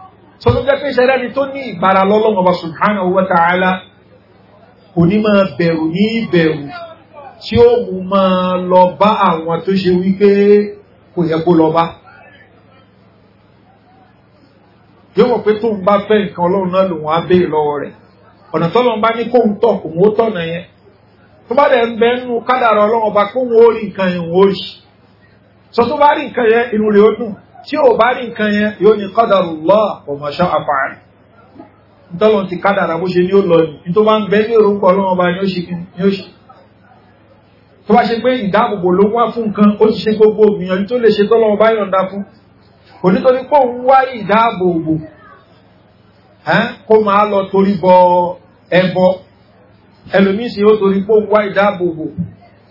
S1: tó ló jẹ́ pé ìṣẹ̀lẹ̀ ni tó ní ìgbára lọ́lọ́wọ́ subhanahu wa ta'ala kò bẹ̀rù ní bẹ̀rù tí ó mú máa lọ bá àwọn tó ṣe wípé kò yẹ kó lọ bá yóò wọ̀ pé tó ń bá fẹ́ nǹkan ọlọ́run náà lòun á béè lọ́wọ́ rẹ̀ ọ̀nà tọ́lọ́run bá ní kó ń tọ̀ òun ó tọ̀nà yẹn tó bá dẹ̀ ń bẹ́ nínú kádàrà ọlọ́run ọba kó òun ó rí nǹkan yẹn òun ó sọ tó bá rí nǹkan yẹn inú rẹ̀ ó dùn tí ò bá rí nǹkan yẹn yóò ní qadarullah wa ma sha'a fa'al ntọ́lọ́n ti kádàrà bó ṣe ní ó lọ ní tó bá ń bẹ́ ní orúkọ ọlọ́run ọba ni ó ṣe ni ó ṣe tó bá ṣe pé ìdáàbòbò ló wá fún nǹkan ó ti ṣe gbogbo ògbìyànjú tó lè ṣe tọ́lọ́run ọba yọ̀ǹda fún onítorí pé òun wá ìdáàbòbò kó máa lọ torí bọ ẹbọ ẹlòmíín sì ó torí pé òun wá ìdáàbòbò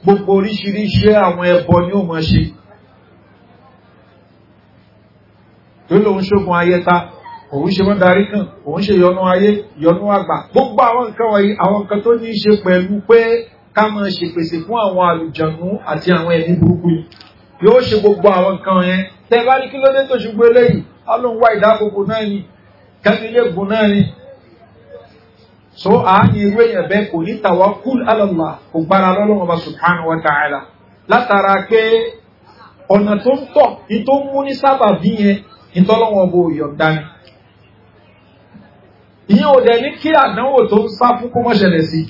S1: gbogbo oríṣiríṣi àwọn ẹbọ ni ó máa ṣe tó lóun ṣógun ayẹta òun ṣe wọ́n darí kan òun ṣe yọnú ayé yọnú àgbà gbogbo àwọn nǹkan wọ̀nyí àwọn nǹkan tó ní í ṣe pẹ̀lú pé ká máa ṣèpèsè fún àwọn àlùjọ̀nú àti àwọn ẹ̀mí burúkú yìí yóò ṣe gbogbo àwọn nǹkan yẹn tẹ bá ní kí ló dé tó ṣùgbọ́n eléyìí a ló náà ni kẹ́mílẹ́gùn náà ni so àáyí ewé yẹn bẹ́ẹ̀ kò ní tawakkul ala Allah kò gbára lọ́lọ́run ọba subhanahu wa ta'ala látara pé ọ̀nà tó ń tọ̀ ní tó ń mú ní sábà bí yẹn ní tọ́lọ́run ọba òyọ̀ǹda ni ìyẹn ò dẹ̀ ní kí àdánwò tó ń sá fún kó mọ́ sí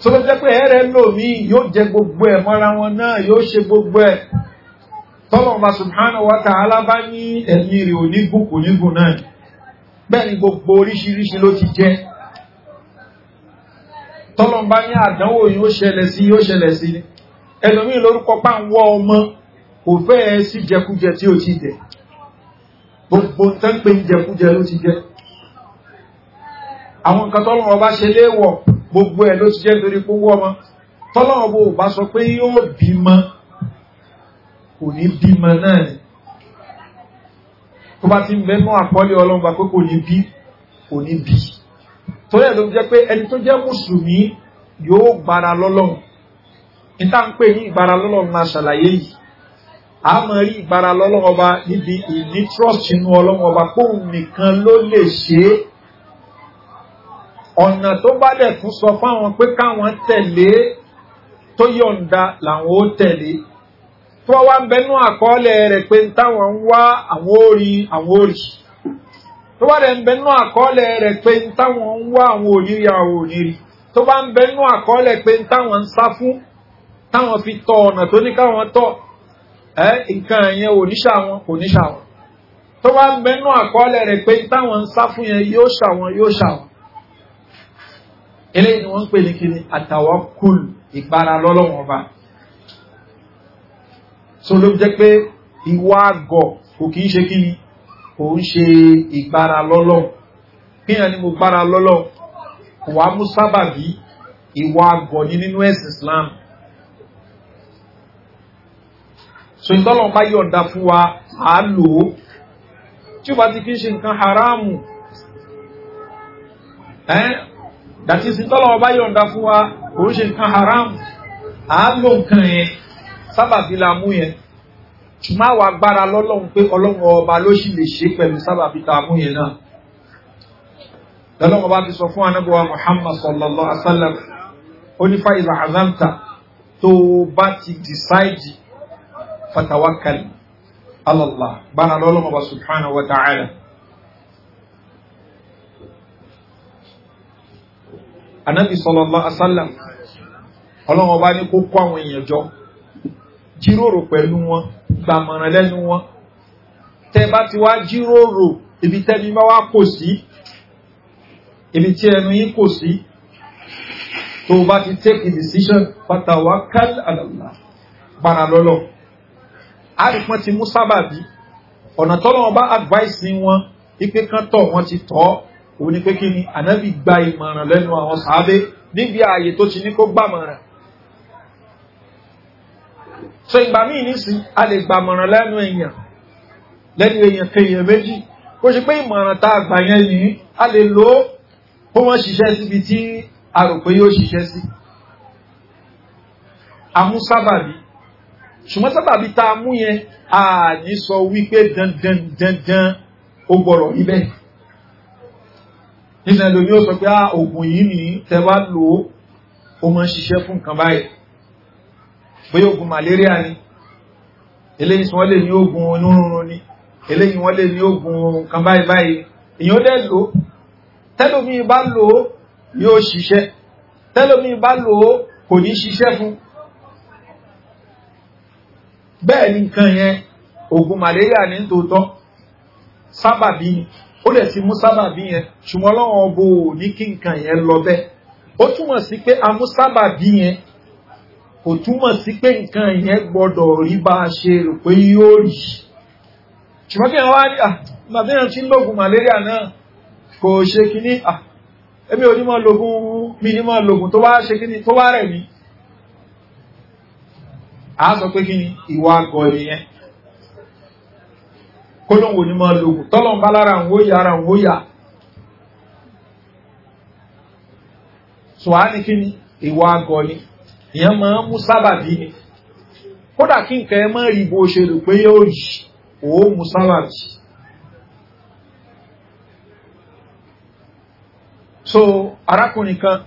S1: so ló jẹ́ pé ẹ̀rẹ́ lòmíì yóò jẹ gbogbo ẹ̀ mọ́ra wọn náà yóò ṣe gbogbo ẹ̀ tọ́lọ̀ọ̀bá subhanahu wa ta'ala bá ní ẹ̀mí rẹ̀ onígun kò nígun náà bẹ́ẹ̀ni gbogbo oríṣiríṣi ló ti jẹ́ tọ́lọ̀ọ̀bá ní àdánwò yóò ṣẹlẹ̀ sí yóò ṣẹlẹ̀ sí ni ẹlòmí lórúkọ pá ń wọ́ ọmọ kò fẹ́ ẹ sí jẹkújẹ tí ó ti jẹ gbogbo tán pé ń jẹkújẹ ló ti jẹ àwọn nǹkan tọ́lọ̀ọ̀bá ṣe léèwọ̀ gbogbo ẹ̀ ló ti jẹ́ torí kó wọ́ ọmọ tọ́lọ̀ọ̀bá ò bá sọ pé yóò bímọ kò ní bímọ náà ni tó bá ti ń bẹ́nu àkọọ́lẹ̀ ọlọ́mọba pé kò ní bí kò ní bí torí ẹ̀ ló jẹ́ pé ẹni tó jẹ́ mùsùlùmí yóò gbára lọ́lọ́run níta ń pè ní ìgbára lọ́lọ́run máa ṣàlàyé yìí a mọ̀ rí ìgbára lọ́lọ́run ọba níbi ìní trust inú ọlọ́run ọba póun nìkan ló lè ṣe é ọ̀nà tó bá dẹ̀ tún sọ fáwọn pé káwọn tẹ̀lé tó yọ̀ǹda làwọn ó tẹ̀lé tó wá ń bẹnú àkọọ́lẹ̀ rẹ̀ pé táwọn ń wá àwọn orí àwọn orí tó bá rẹ̀ ń bẹnú àkọọ́lẹ̀ rẹ̀ pé táwọn ń wá àwọn òníri àwọn òníri tó bá ń bẹnú àkọọ́lẹ̀ pé táwọn ń sá fún táwọn fi tọ ọ̀nà tó ní káwọn tọ̀ ẹ́ nǹkan yẹn òníṣà wọn kò níṣà wọn tó bá ń bẹnú àkọọ́lẹ̀ rẹ̀ pé táwọn ń sá fún yẹn yóò ṣà wọn yóò ṣà wọn eléyìí ni wọ́n ń pè ní kíni so ló jẹ́ pé ìwà àgọ̀ kò kí ń ṣe kí kò ń ṣe ìgbára lọ́lọ́ kíyàn ni mo gbára lọ́lọ́ kò wá mú sábàbí ìwà àgọ̀ ní nínú ẹ̀sìn Islam so ìtọ́lọ̀ bá yọ̀ǹda fún wa à á lò ó tí ó bá ti kí ń ṣe nǹkan haramu ẹ́n dàtí ìsìntọ́lọ̀ bá yọ̀ǹda fún wa kò ń ṣe nǹkan haramu à á lò nǹkan yẹn sábàbí la mú yẹn ṣùgbọ́n àwọn agbára lọ́lọ́run pé ọlọ́run ọba ló sì lè ṣe pẹ̀lú sábàbí ta mú yẹn náà lọ́lọ́run ọba fi sọ fún anábọ̀wá muhammad sallallahu alaihi wa sallam onífà ìlà àzántà tó bá ti dìsáìdì fatawakali alọ́lá gbára lọ́lọ́run ọba subhanahu wa ta'ala. anábì sallallahu alaihi wa sallam ọba ní kó kó àwọn èèyàn jọ jíròrò pẹ̀lú wọn gbàmọ̀ràn lẹ́nu wọn tẹ bá ti wá jíròrò ibi tẹ́ni bá wá kò sí ibi tí ẹnu yín kò sí tó bá ti take a decision patawakkal ala Allah gbàrà lọ́lọ́ àrípọ́n ti mú sábàbí ọ̀nà tọ́lọ́ wọn bá advice ní wọn ipe kan tọ̀ wọn ti tọ́ òun ni pé kí ni ànábì gba ìmọ̀ràn lẹ́nu àwọn sàábé níbi ààyè tó ti ní kó gbàmọ̀ràn so ìgbà míì nísì a lè gbà mọ̀ràn lẹ́nu èèyàn lẹ́nu èèyàn kèèyàn méjì kó ṣe pé ìmọ̀ràn tá a gbà yẹn yìí a lè lò ó kó wọ́n ṣiṣẹ́ síbi tí a rò pé yóò ṣiṣẹ́ sí amú sábàbí ṣùgbọ́n sábàbí tá mú yẹn a sọ wípé dandan ó gbọ́rọ̀ níbẹ̀ nísìnyẹn lómi ó sọ pé oògùn ah, yìí nìyí tẹ wá lò ó ó máa ṣiṣẹ́ fún nǹkan báyìí bóyá ogun malaria ni eléyìí wọ́n lè ní ogun onírúurú ni eléyìí wọ́n lè ní ogun kan báyìí báyìí èyàn dẹ̀ lò tẹ́lómi bá lò ó yóò ṣiṣẹ́ tẹ́lómi bá lò ó kò ní ṣiṣẹ́ fún bẹ́ẹ̀ ni nǹkan yẹn ogun malaria ní tòótọ́ sábàbí ni ó lè ti mú sábàbí yẹn ṣùgbọ́n lọ́wọ́ ọgbò ní kí nǹkan yẹn lọ bẹ́ẹ̀ ó túmọ̀ sí pé a yẹn kò túmọ̀ sí pé nǹkan yẹn gbọ́dọ̀ rí bá a ṣe rò pé yóò rí ṣùgbọ́n kí wọ́n wá ní ah, àbíyàn tí ń lògùn náà kò ṣe kíní à ah, ní mọ́ lògùn mi ní mọ́ lògùn tó bá ṣe kíní tó bá rẹ̀ mí a sọ pé kíní ìwà àgọ́ kó mọ́ lògùn tọ́lọ̀ ń lára ara ìyẹn máa ń mú sábàbí ni kódà kí nǹkan ẹ mọ́ rí bó ṣe rò pé yóò yìí òó mú sábàbí so arákùnrin kan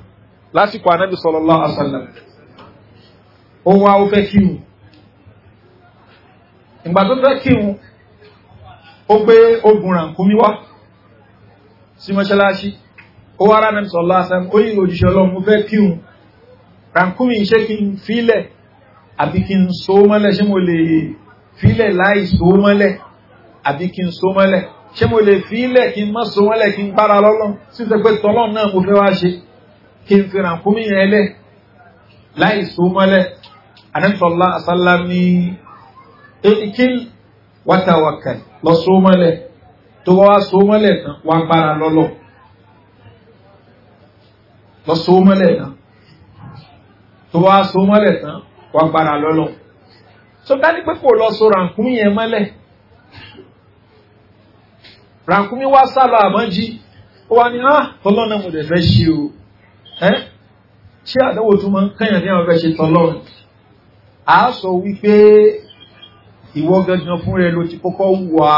S1: lásìkò anábì sallallahu alaihi wasallam ó wá ó fẹ́ kírun ìgbà tó fẹ́ kírun ó gbé ogun rànkúmí wá sí mọ́ṣáláṣí ó wá ránàbì sallallahu alaihi wasallam ó yí òjíṣẹ́ ọlọ́run ó fẹ́ kírun rankumi ṣé kí n fílẹ̀ àbí kí n so mọ́lẹ̀ ṣé mo lè fílẹ̀ láì so mọ́lẹ̀ àbí kí n so mọ́lẹ̀ ṣé mo lè fílẹ̀ kí n má so mọ́lẹ̀ kí n gbára lọ́lọ́ sí ṣe pé tọ́lọ́ náà mo fẹ́ wá ṣe kí n fi rankumi yẹn lẹ̀ láì so mọ́lẹ̀ anẹ́sọ̀lá asálá ní ekil wátawakẹ̀ lọ so mọ́lẹ̀ tó wá so mọ́lẹ̀ tán wá gbára lọ́lọ́ lọ so mọ́lẹ̀ náà tó wá so mọ́lẹ̀ tán wá gbára lọ́lọ́ so ká ní pé kò lọ so rànkúmí yẹn mọ́lẹ̀ rànkúmí wá sálọ àmọ́jí ó wá ní á ah, tọ́lọ́nà mo dẹ̀ fẹ́ ṣe o ẹ́ ṣé àdánwò tó máa ń kẹ́yàn ní àwọn fẹ́ ṣe tọ́lọ́run a sọ wípé ìwọ gangan fún rẹ ló ti kọ́kọ́ wà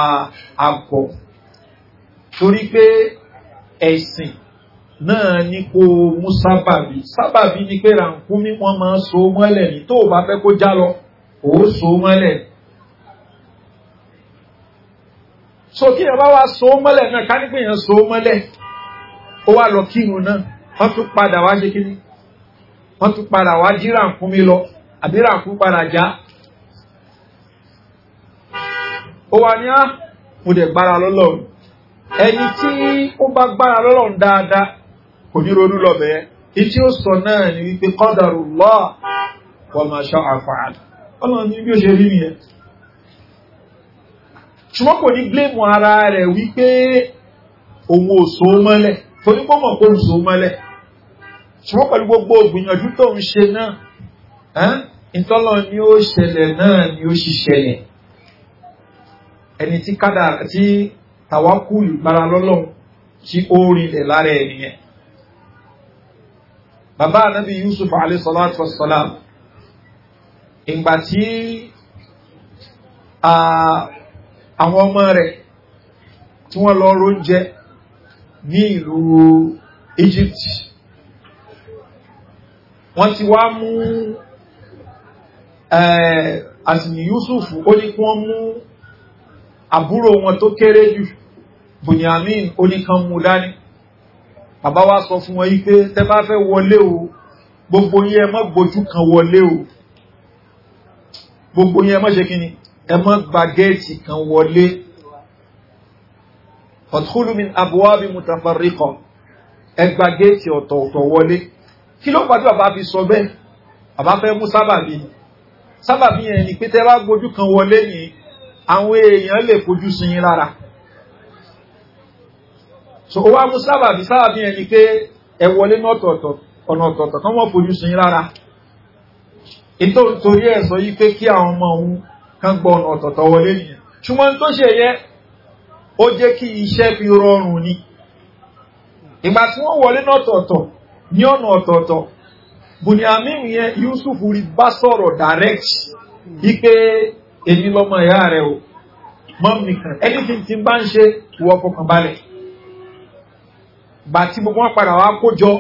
S1: àgọ̀ torí pé ẹ̀sìn náà ní kó mú sábàbí sábàbí ni pé ràǹkúmí wọ́n máa so mọ́lẹ̀ ní tó o bá fẹ́ kó já lọ ò so mọ́lẹ̀ ní. so kí èèyàn bá wá so mọ́lẹ̀ náà ká nígbà èèyàn so mọ́lẹ̀ ó wá lọ kírun náà wọ́n tún padà wá ṣe kíní wọ́n tún padà wá jí ràǹkúmí lọ àbí ràǹkúmí padà já ó wá ní á ah, mo dẹ̀ gbára lọ́lọ́run ẹni tí ó bá gbára lọ́lọ́run dáadáa kò ní ronú lọ́bẹ̀ ìtí ó sọ náà ni wípé qadarullah wa ma sha'a fa'al ọlọ́run ní bí ó ṣe rí nìyẹn ṣùgbọ́n kò ní blame ara rẹ̀ wípé òun ò so mọ́lẹ̀ torí pọ́ mọ̀ kó ń so mọ́lẹ̀ ṣùgbọ́n pẹ̀lú gbogbo ògbìyànjú tó ń ṣe náà ìtọ́lọ̀ ni ó ṣẹlẹ̀ náà ni ó ṣiṣẹlẹ̀ ẹni tí kádà tí tàwákù ìgbàra lọ́lọ́run tí ó rinlẹ̀ lára ẹ̀ nìyẹn bàbá ànábì Yusuf alayhi salatu wassalam ìgbà tí àwọn ọmọ rẹ̀ tí wọ́n lọ róúnjẹ ní ìlú Egypt wọ́n ti wá mú àsìmì Yusuf ó ní kí wọ́n mú àbúrò wọn tó kéré jù Bunyamin ó ní kan mú dání bàbá wa sọ fún wọn yí pé tẹ́ bá fẹ́ wọlé o gbogbo yín ẹ má gbójú kan wọlé o gbogbo yín ẹ má ṣe kíni ẹ má gba géètì kan wọlé fadkhulu min abwabi mutafarriqa ẹ gba géètì ọ̀tọ̀ọ̀tọ̀ wọlé kí ló pàdé bàbá fi sọ bẹ́ẹ̀ bàbá fẹ́ mú sábàbí sábàbí yẹn ni pé tẹ́ bá gbójú kan wọlé ni àwọn èèyàn lè fojú sí yín lára so ó wá mú sábàbí sábàbí yẹn ni pé ẹ wọlé ní ọ̀tọ̀ọ̀tọ̀ ọ̀nà ọ̀tọ̀ọ̀tọ̀ kán mọ̀ fojú sun rárá ètò torí ẹ̀ sọ yìí pé kí àwọn ọmọ òun kán gbọ́ ọ̀nà ọ̀tọ̀ọ̀tọ̀ wọlé nìyẹn ṣùgbọ́n tó ṣe yẹ ó jẹ́ kí iṣẹ́ fi rọrùn ni ìgbà tí wọ́n wọlé ní ọ̀tọ̀ọ̀tọ̀ ní bá tí gbogbo wọn padà wá kójọ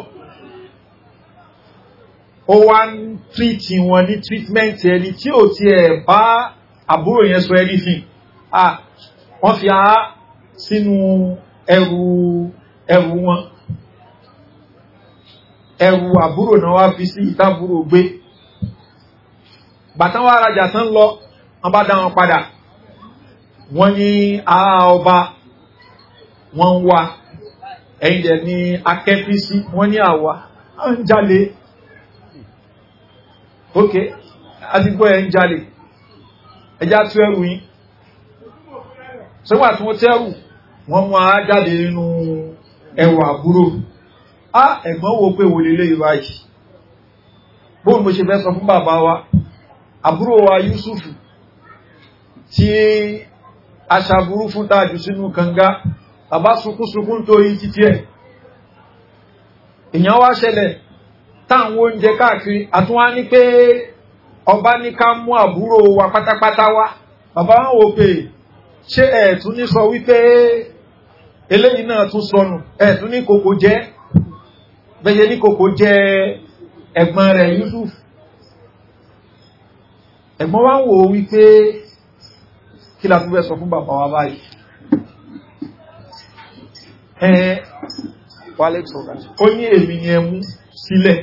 S1: ó wá ń tírìtì wọn ní tírítmẹ́ǹtì ẹni tí ò ti ẹ̀ bá àbúrò yẹn sọ ẹni fi wọ́n fi á sínú ẹrù ẹrù wọn ẹrù àbúrò náà wá fi sí ìtàbúrò gbé bàtán wá rajà tán lọ wọ́n bá dá wọn padà wọ́n ní ará ọba wọ́n ń wá. ẹ̀yìn dẹ̀ ni akẹ́fí wọ́n ní àwa ń jalè ok a ẹ̀ ń jalè ẹjá tú ẹrù tí wọ́n wọ́n mú a jáde nínú ẹwà àbúrò a ẹ̀gbọ́n wo pé wò lélẹ̀ ìbáyìí bóun mo ṣe fẹ́ sọ fún bàbá wa àbúrò wa yusuf tí aṣàbúrú fún tààjù bàbá sunkúnsunkún torí títí ẹ̀ èèyàn wá ṣẹlẹ̀ táwọn oúnjẹ káàkiri àtúnwá ní pé ọba ní ká mú àbúrò wa pátápátá wá bàbá wọn wò pé ṣé ẹ̀ tún ní sọ wípé eléyìí náà tún sọnù ẹ̀ ní kòkó jẹ́ bẹ́yẹ ní kòkó jẹ́ ẹ̀gbọ́n rẹ̀ Yusuf ẹ̀gbọ́n wá wò wípé kí la sọ fún bàbá wa báyìí onye wálé sọ̀rọ̀ ó ní èmi yẹn mú sílẹ̀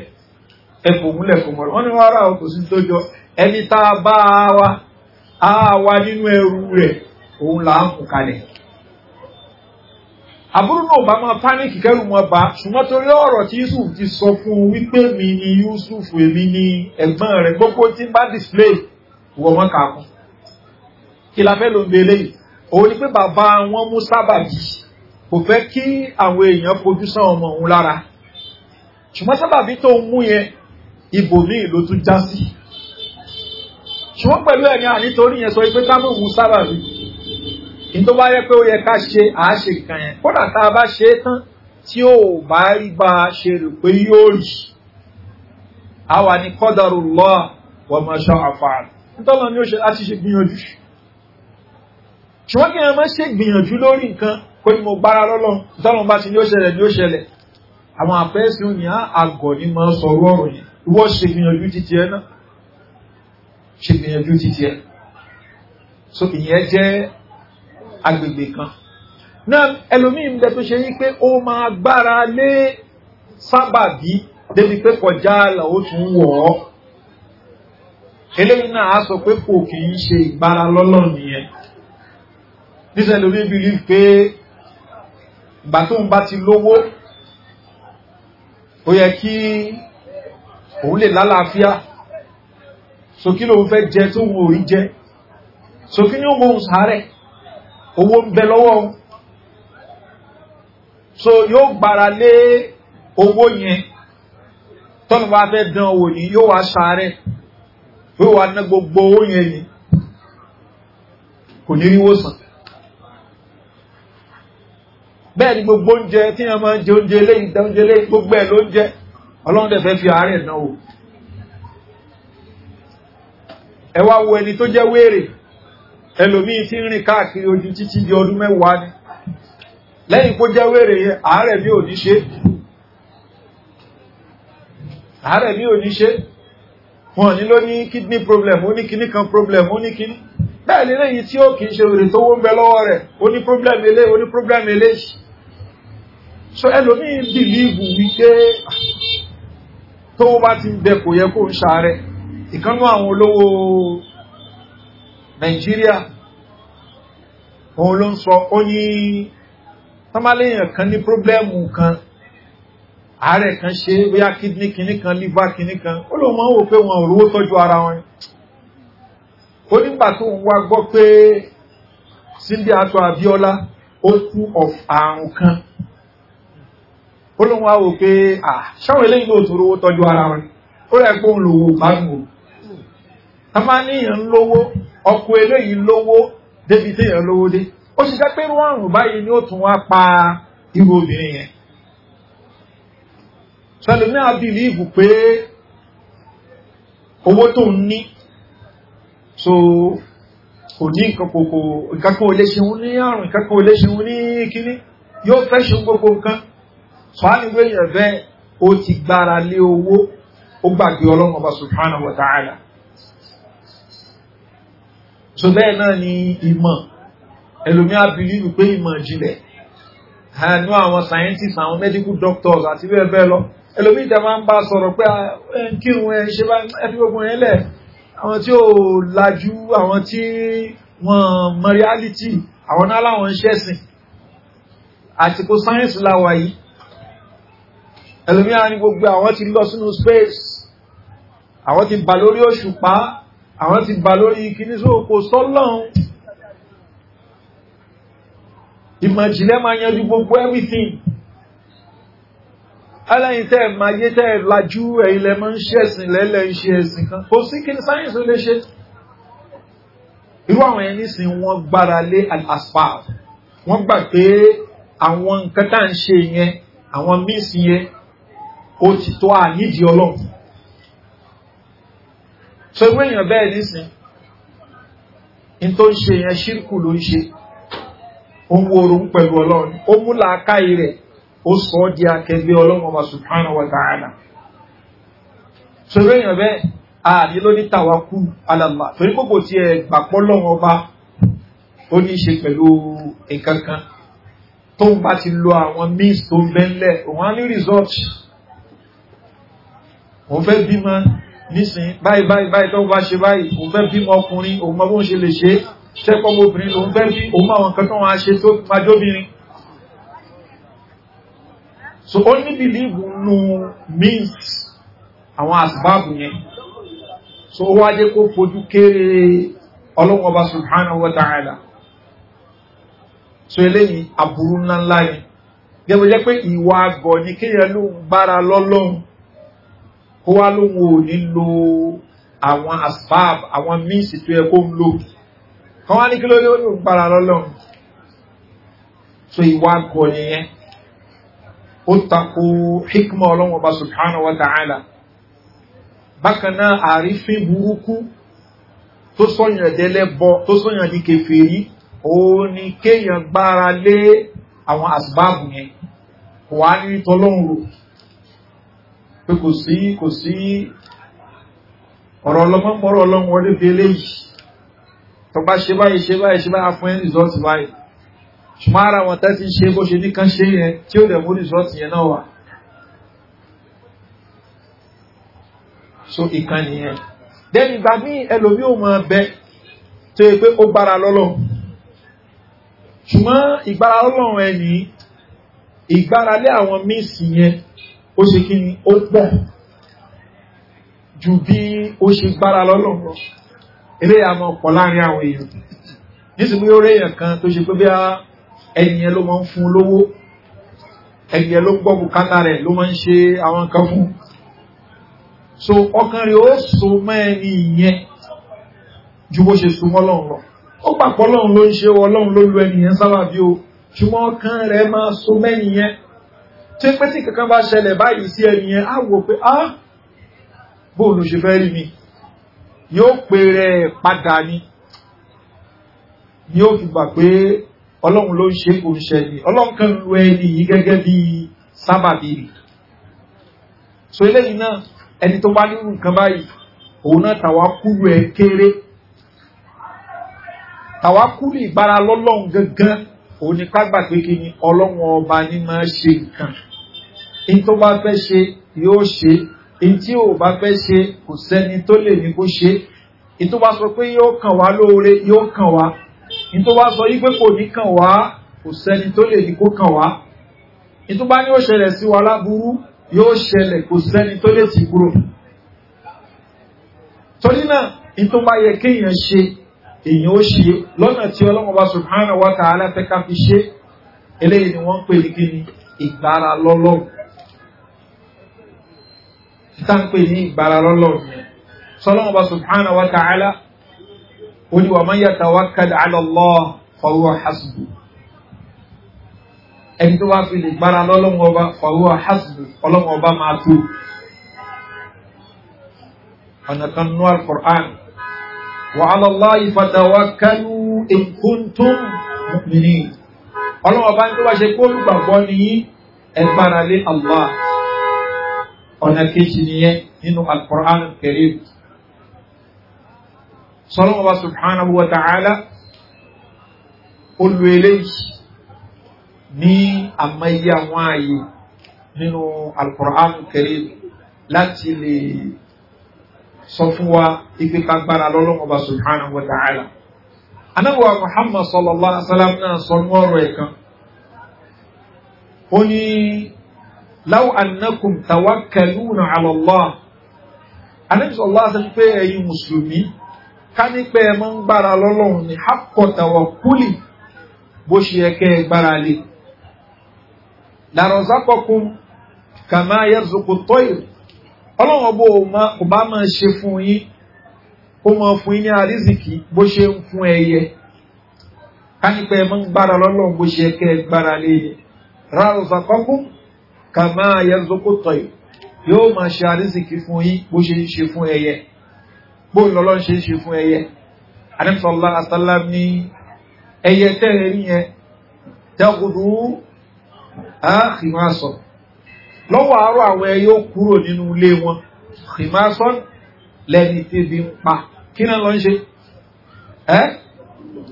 S1: ẹ kò wọ́n wọ́n ara kò sí tó ẹni tá a bá a a nínú rẹ̀ òun là kalẹ̀ àbúrò náà bá máa yusuf ti sọ fún un wípé mi ni yusuf èmi ni ẹ̀gbọ́n rẹ̀ gbogbo tí ń bá display wọ̀ wọ́n kà á kún kí la fẹ́ ló ń òun ni pé bàbá wọn mú sábàbí kò fẹ́ kí àwọn èèyàn fojú sán ọmọ òun lára ṣùgbọ́n sábàbí tó ń mú yẹn ibòmíì ló tún já sí ṣùgbọ́n pẹ̀lú ẹ̀ ní ànítorí yẹn sọ pé táwọn òun sábàbí ní tó bá yẹ pé ó yẹ ká ṣe àáṣe nǹkan yẹn kódà tá a bá ṣe é tán tí ó bá rí bá a ṣe rò pé yóò rí àwa ni kọ́dàrú lọ́ọ̀ wọ́n máa ṣọ́ àfààní nítorí wọn ni ó ṣe láti ṣe gbìyànjú ṣùgbọ́n kí ẹ má ṣe gbìyànjú lórí nǹkan kó ní mo gbára lọ́lọ́ tọ́lọ́ bá ti ní ó ṣẹlẹ̀ ní ó ṣẹlẹ̀ àwọn àpẹẹsì òní àgọ̀ ni máa sọ ọ̀rọ̀ ọ̀rọ̀ yẹn ìwọ ṣe gbìyànjú títí ẹ náà ṣe gbìyànjú títí ẹ so ìyẹn jẹ́ agbègbè kan náà ẹlòmíì ń bẹ tó ṣe yí pé ó máa gbára lé sábàbí débi pé kọjá àlà ó tún wọ̀ ọ́ eléyìí náà á sọ pé kò kì í ṣe ìgbára lọ́lọ́ nìyẹn níṣẹ́ lórí bìlí pé ìgbà tóun bá ti lówó ó yẹ kí òun lè lálàáfíà so kí lóun fẹ́ jẹ tó wù orí jẹ so kí ní ó mọ̀un sàárẹ̀ owó ń bẹ lọ́wọ́ so yóò gbára lé owó yẹn tọ́nù wá fẹ́ dán owó ní yóò wá sàárẹ̀ yóò wá ná gbogbo owó yẹn ni kò ní ríwó sàn bẹ́ẹ̀ ni gbogbo oúnjẹ tí wọ́n máa ń jẹ oúnjẹ lé ìdá oúnjẹ lé gbogbo ẹ̀ ló ń jẹ ọlọ́run dẹ̀ fẹ́ fi àárẹ̀ náà wò ẹ wá wo ẹni tó jẹ́ wéèrè ẹlòmíì tí ń rìn káàkiri ojú títí di ọdún mẹ́wàá ni lẹ́yìn kó jẹ́ wéèrè yẹn àárẹ̀ mi ò ní ṣe àárẹ̀ mi ò ní ṣe wọn ní ló ní kidney problem ó ní kíní kan problem ó ní kíní bẹ́ẹ̀ lè léyìí tí ó kìí ṣe wèrè tó wó ń bẹ lọ́wọ́ rẹ̀ ó problem elé ó problem elé so ẹlòmíì bìlíìbù wípé ah, tó bá ti bẹ kò yẹ kó ń ṣàárẹ̀ ìkánú àwọn olówó nàìjíríà òun ló ń sọ ó ní tọ́máléèyàn kan ní pírọ́blẹ́mù kan àárẹ̀ kan ṣe bóyá kídní kinní liver kinní ó lóun máa ń wò pé wọn ò rówó tọ́jú ara wọn onígbà tó ń wá gbọ́ pé Síndí Atọ abiola ó kú of àrùn kan ó ló ń wá wò pé ṣáwọn eléyìí ló tó rówó tọ́jú ara rẹ̀ ó rẹ̀ kó ń lòwò gbàgbò a máa ní èèyàn lówó ọkọ̀ eléyìí lówó débi téèyàn lówó dé ó sì jẹ́ pé irú àrùn báyìí ni ó tún wá pa irú obìnrin yẹn sọlẹ̀ ní àbílíìfù pé owó tó ń ní so kò ní ìkankan oléṣe wọn ní àrùn ìkankan oléṣe wọn ní kíní yóò fẹ́ ṣe gbogbo nǹkan fàánìwé èèyàn bẹ́ẹ̀ ó ti gbára lé owó ó gbàgbé ọlọ́run ọba subhanahu wa ta'ala so bẹ́ẹ̀ náà ni ìmọ̀ ẹlòmí àbílíwì pé ìmọ̀ ìjìnlẹ̀ àánú àwọn scientists àwọn medical doctors àti bẹ́ẹ̀ bẹ́ẹ̀ lọ ẹlòmí ìjọba ń bá sọ̀rọ̀ pé ah, ẹ ń kírun ṣe bá ẹ fi gbogbo yẹn lẹ́ẹ̀ àwọn tí ó lajú àwọn tí wọ́n mọ reality àwọn náà láwọn ń ṣẹ̀sìn àsìkò sáyẹ́nsì láwà yìí ẹlòmíà ní gbogbo àwọn ti lọ sínú space àwọn ti bà lórí òṣùpá àwọn ti bà lórí kíní sóòkò sọ́lọ́hun ìmọ̀ ìjìnlẹ̀ máa yanjú gbogbo everything aláyin tẹ́ ẹ̀ máa yé tẹ́ ẹ̀ lajú ẹ̀yin lẹ́ máa ń ṣe ẹ̀sìn lẹ́lẹ̀ ń ṣe ẹ̀sìn kan kò sí kí ni sáyẹ́nsì ló lè ṣe. irú àwọn ẹni sìn wọ́n gbára lé asfaw wọ́n gbà pé àwọn nǹkan tá à ń ṣe yẹn àwọn míìsì yẹn ó ti tó à nídìí ọlọ́run. sọ irú èèyàn bẹ́ẹ̀ nísìn ní tó ń ṣe yẹn ṣírkù ló ń ṣe ó wo orun pẹ̀lú ọlọ́run ó mú làákàyè rẹ̀ ó sọ ọ́ di akẹgbẹ́ ọlọ́mọba subhanahu wa ta'ala ṣòro èèyàn bẹ́ẹ̀ ààrí ló ní tàwákú alàlá torí kókò tí ẹ gbàpọ́ lọ́wọ́ bá ó ní ṣe pẹ̀lú nǹkan kan tó ń bá ti lo àwọn means tó ń bẹ́ńlẹ̀ òun á ní result òun fẹ́ bímọ nísìn báyìí báyìí báyìí tó ń bá ṣe báyìí òun fẹ́ bímọ ọkùnrin òun mọ bó ń ṣe lè ṣe ṣẹ́pọ̀ obìnrin òun fẹ́ bí òun máa wọn kan tó wọn á ṣe tó máa jóbìnrin so only ní bìlíìfù means àwọn asbáàbù yẹn so ó wájé kó fojú kéré ọlọ́wọ́ba subhanahu wa ta'ala so eléyìí aburú ńláńlá yẹn gẹ́gẹ́ jẹ́ pé ìwà àgọ̀ ní kéèyàn ló ń gbára lọ́lọ́run kó wá lóun ò ní lo àwọn asbab àwọn means tó yẹ kó ń lò kán wá ní kí ló ń gbára lọ́lọ́run so ìwà àgọ̀ nìyẹn ó tako hikma ọlọ́run ọba subhanahu wa ta'ala bákan náà àrífín burúkú tó sọ̀yàn délẹ́bọ tó sọ̀yàn di kèfèrí òun ni kéèyàn gbára lé àwọn asbáàbù yẹn kò wá ní tọ́lọ́run pé kò sí kò sí ọ̀rọ̀ ọlọ́mọ́pọ̀rọ̀ ọlọ́run wọlé fi eléyìí tó ṣe báyìí ṣe báyìí ṣe báyìí afún ṣùgbọ́n ara wọn tẹ́ ti ṣe bó ṣe nìkan ṣe yẹn tí ó dẹ̀ mú rìsọ́ọ̀tì yẹn náà wà so ìkan nìyẹn then ìgbà ní ẹlòmí ò máa bẹ tó yẹ pé ó gbára lọ́lọ́ ṣùgbọ́n ìgbára lọ́lọ́ ẹni ìgbára lé àwọn míìsì yẹn ó ṣe kí ni ó pọ̀ ju bí ó ṣe gbára lọ́lọ́ eré àmọ́ pọ̀ láàrin àwọn èèyàn nísìnyí ó réèyàn kan tó ṣe pé bí a ẹni ẹ ló máa ń fún lówó ẹni ẹ ló gbọ́ bùkátà rẹ̀ ló máa ń ṣe àwọn nǹkan fún so ọkàn rẹ̀ ó so mọ́ ẹni yẹn ju bó ṣe so mọ́ lọ́run lọ ó pàpọ̀ lọ́run ló ń ṣe ọlọ́run ló lu ẹni yẹn sábà bí o ṣùgbọ́n ọkàn rẹ̀ máa so mẹ́ni yẹn tí pé tí kankan bá ṣẹlẹ̀ báyìí sí ẹni yẹn á wò pé á ah, bóun ló ṣe fẹ́ rí mi yóò pè rẹ̀ padà ni yóò fi gbà pé ọlọ́run ló ń ṣe kò ń ṣe ni ọlọ́run kan lu ẹni yìí gẹ́gẹ́ bí sábàbí rẹ̀ so eléyìí náà ẹni tó bá nínú nǹkan báyìí òun náà tàwa kúrú ẹ kéré tàwa kúrú ìgbára lọ́lọ́run gangan òun ni ká gbà pé kí ni ọlọ́run ọba ní máa ṣe nǹkan in tó bá fẹ́ ṣe yóò ṣe in tí ò bá fẹ́ ṣe kò sẹ́ni tó lè ní kó ṣe in tó bá sọ pé yóò kàn wá lóore yóò kàn wá ní tó wá sọ yí pé kò ní kàn wá kò sẹ́ni tó lè ní kó kàn wá ní tó bá ní ó ṣẹlẹ̀ sí wa láburú yóò ṣẹlẹ̀ kò sẹ́ni tó lè ti kúrò torí náà ní yẹ kéèyàn ṣe èèyàn ó ṣe lọ́nà tí ọlọ́run bá subhanahu wa ta'ala fẹ́ ká fi ṣe eléyìí ni wọ́n ń pè ní kí ni ìgbára lọ́lọ́run tá ń pè ní ìgbára lọ́lọ́run yẹn sọlọ́run bá subhanahu wa ta'ala ó ní wa man yatawakkal ala Allah fahuwa hasbu ẹni tó bá fi lè gbára lọ́lọ́wọ́ ọba fahuwa hasbu ọlọ́wọ́ ọba máa tó ọ̀nà kan nú al-Qur'an wa ala Allahi fatawakkalu in kuntum mu'minin ọlọ́wọ́ ọba tó bá ṣe kó olùgbàgbọ́ nìyí ẹgbára lé Allah ọ̀nà kejì nìyẹn nínú al-Qur'an al sọ́lọ́wọ́ bá subhanahu wa ta'ala olú eléyìí ní àmáyé àwọn ààyè nínú al-Qur'an Karim láti lè sọ fún wa ipe kagbára lọ́lọ́wọ́ bá subhanahu wa ta'ala anáwọ̀ Muhammad sallallahu alaihi wasallam náà sọ ní ọ̀rọ̀ ẹ̀kan ó ní law annakum tawakkaluna ala Allah anábìsọ̀ Allah kánípẹ́ ẹ máa ń gbára lọ́lọ́run ní hákọ̀tàwọ̀ kúlì bó ṣe yẹ kẹ́ ẹ gbára lé làrọ̀zákọ̀kún kàmá yẹ́rùsùkù tọ́yì ọlọ́run ọbọ̀ kò bá máa ṣe fún yín kó máa fún yín ní àrísìkì bó ṣe ń fún ẹyẹ kánípẹ́ ẹ máa ń gbára lọ́lọ́run bó ṣe yẹ kẹ́ ẹ gbára lé yẹn ràrọ̀zákọ̀kún kàmá yẹ́rùsùkù tọ́yì yóò máa ṣe àrísìkì fún yín bó ṣe ń ṣe fún ẹyẹ bóun lọ́lọ́ ṣe é ṣe fún ẹyẹ anamsọ́lá asálám ní ẹyẹ tẹ́rẹ̀ níyẹn tẹ́kùdú àkìmásọ lọ́wọ́ àárọ̀ àwọn ẹyẹ ó kúrò nínú ilé wọn àkìmásọ lẹ́ni tí bí ń pa kí náà lọ ṣe ẹ́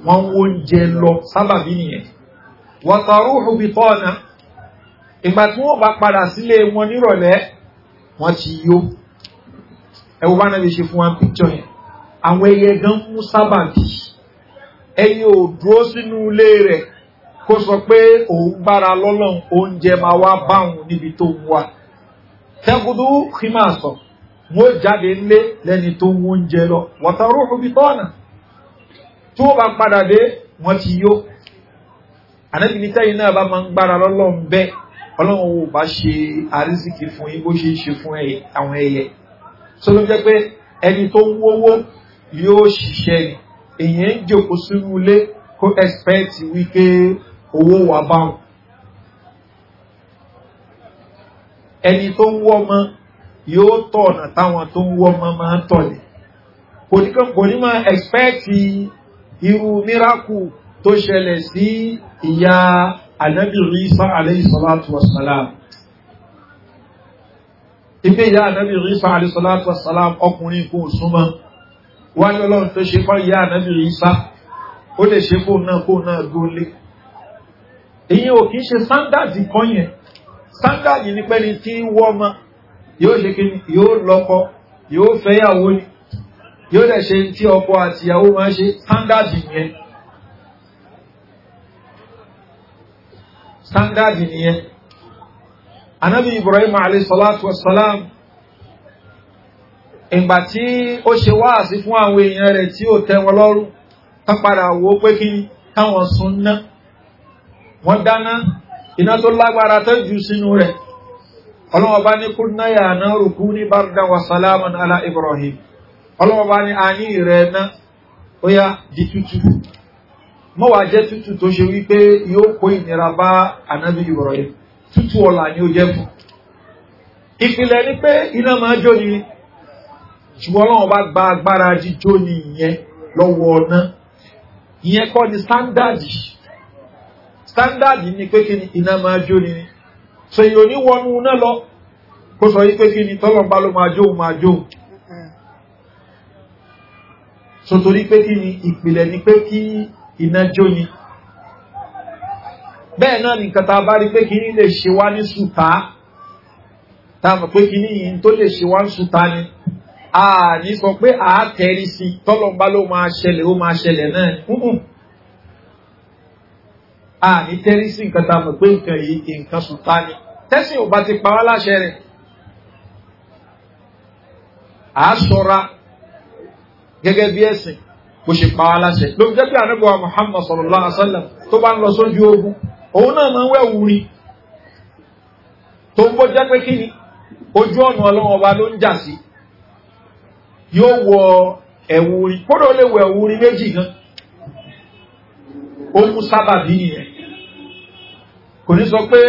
S1: wọ́n wo oúnjẹ lọ sábàbí nìyẹn wọ́n òbí tọ́ ìgbà tí wọ́n bá padà sílé wọn nírọ̀lẹ́ wọ́n ti yó ẹwọ bá náà lè ṣe fún wa picture yẹn àwọn ẹyẹ gan mú sábàbí ẹyẹ ò dúró sínú ilé rẹ̀ kó sọ pé òun gbára lọ́lọ́run oúnjẹ máa wá báwọn níbi tó wà tẹ́kùdú kìmá sọ wọ́n jáde nílé lẹ́ni tó ń oúnjẹ lọ wọ́tàrú òbí tọ́ọ̀nà tí ó bá padà dé wọ́n ti yó ànábìnrin tẹ́yìn náà bá máa ń gbára lọ́lọ́run bẹ́ẹ̀ ọlọ́run ò bá ṣe àrísìkì fún yín bó ṣe ń ṣe fún àwọn ẹyẹ so ló jẹ́ pé ẹni tó ń wówó yóò ṣiṣẹ́ ni èyàn ń jòkó sínú ilé kó ẹ̀spẹ́ẹ̀tì wípé owó wà báwọn ẹni tó ń wọ́ ọmọ yóò tọ̀ ọ̀nà táwọn tó ń wọ́ ọmọ máa ń tọ̀lé kò ní máa ẹ̀spẹ́ẹ̀tì irú mírákù tó ṣẹlẹ̀ sí ìyá anábìrì isa alayhi salatu wa salam ipe ìyá ànábì Ìsá àlìsọ́láàtù wàsálàm ọkùnrin kò súnmọ́ wáyé ọlọ́run tó ṣe fún ìyá ànábì Ìsá ó lè ṣe fóun náà kóun náà gólé èyí ò kìí ṣe sándàdì kan yẹn sándàdì ní pẹ́ni tí ń wọ́ ọmọ yóò ṣe kí yóò lọ́kọ yóò fẹ́yàwó ni yóò dẹ̀ ṣe tí ọkọ àti ìyàwó máa ṣe sándàdì yẹn sándàdì yẹn anábì ibrahim alayhi salatu wassalam ìgbà tí ó ṣe wáàsí fún àwọn èèyàn rẹ̀ tí ó tẹ́ wọn lọ́rùn tán padà wo pé kí káwọn sun ná wọ́n dáná iná tó lágbára tó jù sínú rẹ̀ ọlọ́wọ́ bá ní kúnná yàná rùkú ní bardan wa salaman ala ibrahim ọlọ́wọ́ bá ní ayé rẹ̀ ná ó yá di tútù mọ́wàá jẹ́ tútù tó ṣe wípé yóò kó ìnira bá anábì ibrahim tútù ọ̀la ni ó jẹ́ fún ìpìlẹ̀ ni pé iná máa jó ni ṣùgbọ́n ọlọ́run bá gba agbára jíjó ni ìyẹn lọ́wọ́ ọ̀nà ìyẹn kọ́ ni sándàdì sándàdì ni pé kí ni iná máa jó ni so èyí ò ní wọnú iná lọ kó sọ yí pé kí ni tọ́lọ́mbá ló máa jó máa jó so torí pé kí ìpìlẹ̀ ni pé kí iná jó ni bẹ́ẹ̀ náà nìkan tá a bá rí pé kíní lè ṣe wá ní sùtá tá a mọ̀ pé kíní yìí tó lè ṣe wá ní sùtá ni a ní sọ pé a tẹ̀rí sí tọ́lọ́mbá ló máa ṣẹlẹ̀ ó máa ṣẹlẹ̀ náà ni a ní tẹ̀rí sí nǹkan tá a mọ̀ pé nǹkan yìí nǹkan sùtá ni tẹ́sìn ò bá ti pa wá láṣẹ rẹ̀ a ṣọ́ra gẹ́gẹ́ bí ẹ̀sìn kò ṣe pa wá láṣẹ lóbi jẹ́ pé ànábì wa Muhammad sallallahu alaihi wasallam tó bá ń lọ sójú ogun òun náà máa ń wẹ̀wù ni tó ń bọ́já pé kí ni ojú ọ̀nà ọlọ́run ọba ló ń jà sí yóò wọ ẹ̀wù rí kódà lè wọ ẹ̀wù rí méjì gan ó mú sábàbí nìyẹn kò ní sọ pé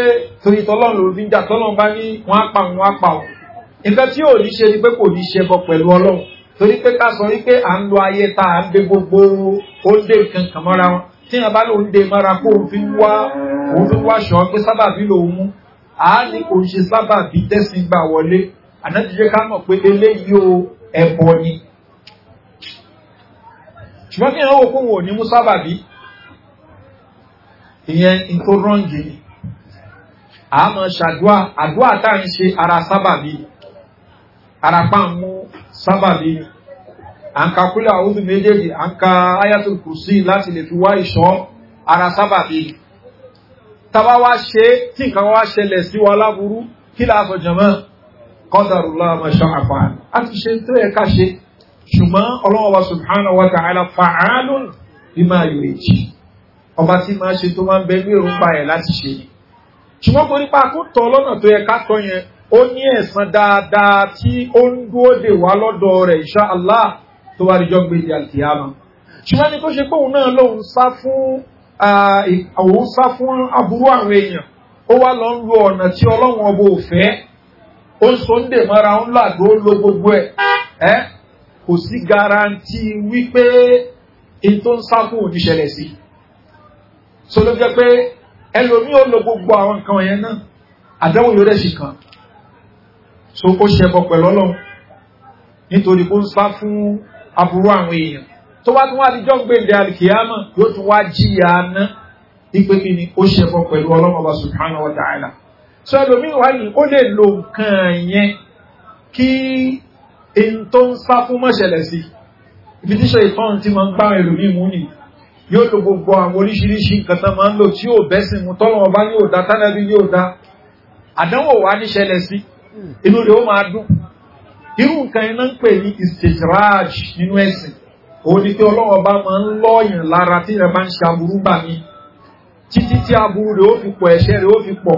S1: torí tọ́lọ́run ló fi ń jà tọ́lọ́run bá ní wọ́n á pa wọ́n á pa ọ́ nǹkan tí ò ní ṣe ni pé kò bọ pẹ̀lú ọlọ́run torí pé sọ wípé à ń lo ayé tá à gbogbo ó dé nǹkan tí wọn bá lòun dé mọ́ra kó òun fi wá òun fi wá aṣọ pé sábàbí lòun mú àá ní kò ń ṣe sábàbí tẹ̀sìn gbà wọlé ànájú ká mọ̀ pé eléyìí o ẹ̀bọ ni ṣùgbọ́n kí ìrànwọ́ kún wò ní mú sábàbí ìyẹn tó rọ́ǹgì ṣàdúà àdúà tá à ń ṣe ara sábàbí ara pa ń mú sábàbí ni à ń ka kúlẹ̀ àwùjọ méjèèjì à ń ka ayatul kùsì láti lè fi wá ìṣọ́ ara sábàbí tàbá wá ṣe tí nǹkan wá ṣẹlẹ̀ sí wa láburú kí láàsọ jẹmọ́ kọ́dàrúlá mọ̀ṣọ́ àfààní a ti ṣe tó yẹ ká ṣe ṣùgbọ́n ọlọ́wọ́ subhanahu wa ta'ala fa'alun bima yuriji ọba tí máa ṣe tó máa ń bẹ ní èròǹpa ẹ̀ láti ṣe ni ṣùgbọ́n e torí pa kó tọ́ lọ́nà tó yẹ ká tọ́ yẹn ó ní ẹ̀san dáadáa tí ó ń dúó dè wá lọ́dọ̀ rẹ̀ insha Allah tó wá níjọ́ gbé di àlùkìyàmà ṣùgbọ́n ní tó ṣe pé òun náà lòun sá fún òun sá fún aburú àwọn èèyàn ó wá lọ ń lo ọ̀nà tí ọlọ́run ọba ò fẹ́ ó ń so ń dè mọ́ra ń làdó lo gbogbo ẹ̀ kò sí garanti wípé èyí tó ń sá fún òun ṣẹlẹ̀ sí so ló jẹ́ pé ẹlòmíì ó lo gbogbo àwọn nǹkan yẹn náà àdánwò yóò dẹ̀ sì so ó ṣẹbọ pẹ̀lú ọlọ́run nítorí kó ń sá fún aburú àwọn èèyàn tó wá tún wá di jọ́ǹgbé ilẹ̀ alikiyama yóò tún wá jìyà ná ipe kí ni ó ṣe fọ pẹ̀lú ọlọ́mọba subhanahu wa ta'ala sọ ẹlòmíì wá yìí ó lè lo nǹkan yẹn kí n tó ń sá fún mọ́ṣẹ̀lẹ̀ sí ibi tíṣe ìtọ́n tí máa ń gbá ẹlòmíì mú nìyí yóò lo gbogbo àwọn oríṣiríṣi nǹkan tán máa ń lò tí yóò bẹ́sìn mu tọ́lọ́ ọba yóò da tánàbí yóò da àdánwò wá níṣẹlẹ̀ sí inú rẹ̀ ó máa dùn irú nǹkan iná ń pè ní istijraj nínú ẹ̀sìn òun ni pé ọlọ́wọ́ bá máa ń lọ́ọ̀yàn lára tí ẹ bá ń ṣe aburú bà mí títí tí aburú rẹ̀ ó fi pọ̀ ẹ̀ṣẹ̀ rẹ̀ ó fi pọ̀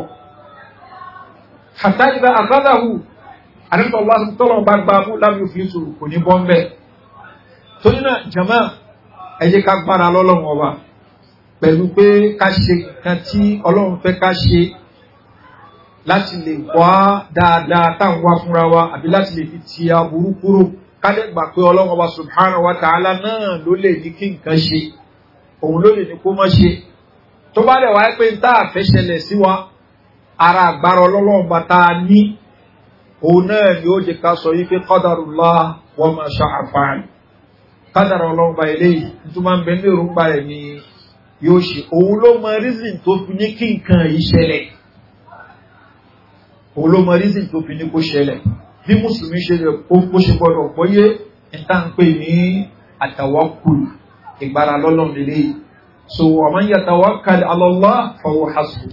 S1: hatta idha akhadahu àdìsọ̀ wá tọ́lọ̀ bá gba mú lábí òfin sòrò kò ní bọ́ ń torí náà jama ẹ jẹ́ ká gbára lọ́lọ́run ọba pẹ̀lú pé ká ṣe nǹkan tí ọlọ́run fẹ́ ká ṣe láti lè wá dáadáa táwọn wá fúnra wa àbí láti lè fi ti aburú kúrò ká lè gbà pé ọlọ́run ọba subhanahu wa ta'ala náà ló lè ní kí nǹkan ṣe òun ló lè ní kó má ṣe tó bá dẹ̀ wáyé pé tá a fẹ́ ṣẹlẹ̀ sí wa ara àgbára ọlọ́run bá tá a ní òun náà ni ó jẹ ká sọ yí pé qadarullah wa ma sha'a fa'al kádàrà ọlọ́run bá eléyìí tó máa ń bẹ ní òun ló mọ rízìn tó fi ní kí nǹkan yìí ṣẹlẹ̀ olómọ rízìn tó fi ní kó ṣẹlẹ̀ bí mùsùlùmí ṣe lè kó ṣe gbọ́dọ̀ gbọ́yé níta ń pè ní àtàwákùlù ìgbára lọ́lọ́run lélẹ́yìí so ọmọ ń yàtàwá kalẹ̀ alọ́lá fọwọ́ hasù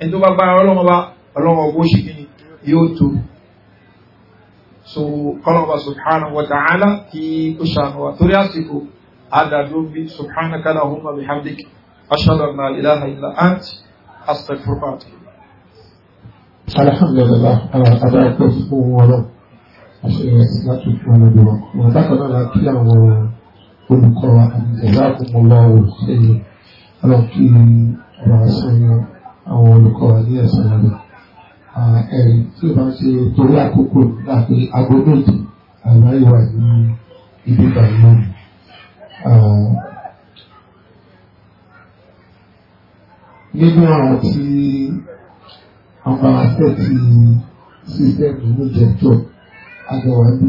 S1: ẹni tó bá gbára ọlọ́run bá ọlọ́run ọgbó ṣe kí ni yóò tó so kọlọ́ba subhanahu wa ta'ala kí ó ṣàánú wa torí àsìkò àdàdó bí subhanaka lahumma bihamdik ashhadu an la ilaha illa ant astaghfiruka alhamdulilah àbá ẹ̀kọ́ fún wọn náà àṣẹ láti fún wọn lọ́wọ́ wọn bákan náà láti àwọn olùkọ́ àdìgbà àkómọlá olùsẹ́yìn aláàkí ọ̀rọ̀ àṣẹyìn àwọn olùkọ́ ní ẹ̀sán rẹ̀ ẹ̀rí tí ó bá ṣe torí àkókò láti aago méje àláìwà ní ibi bàbá nínú àwọn tí àwọn aspect system ìmújẹjọ àjọwà bí.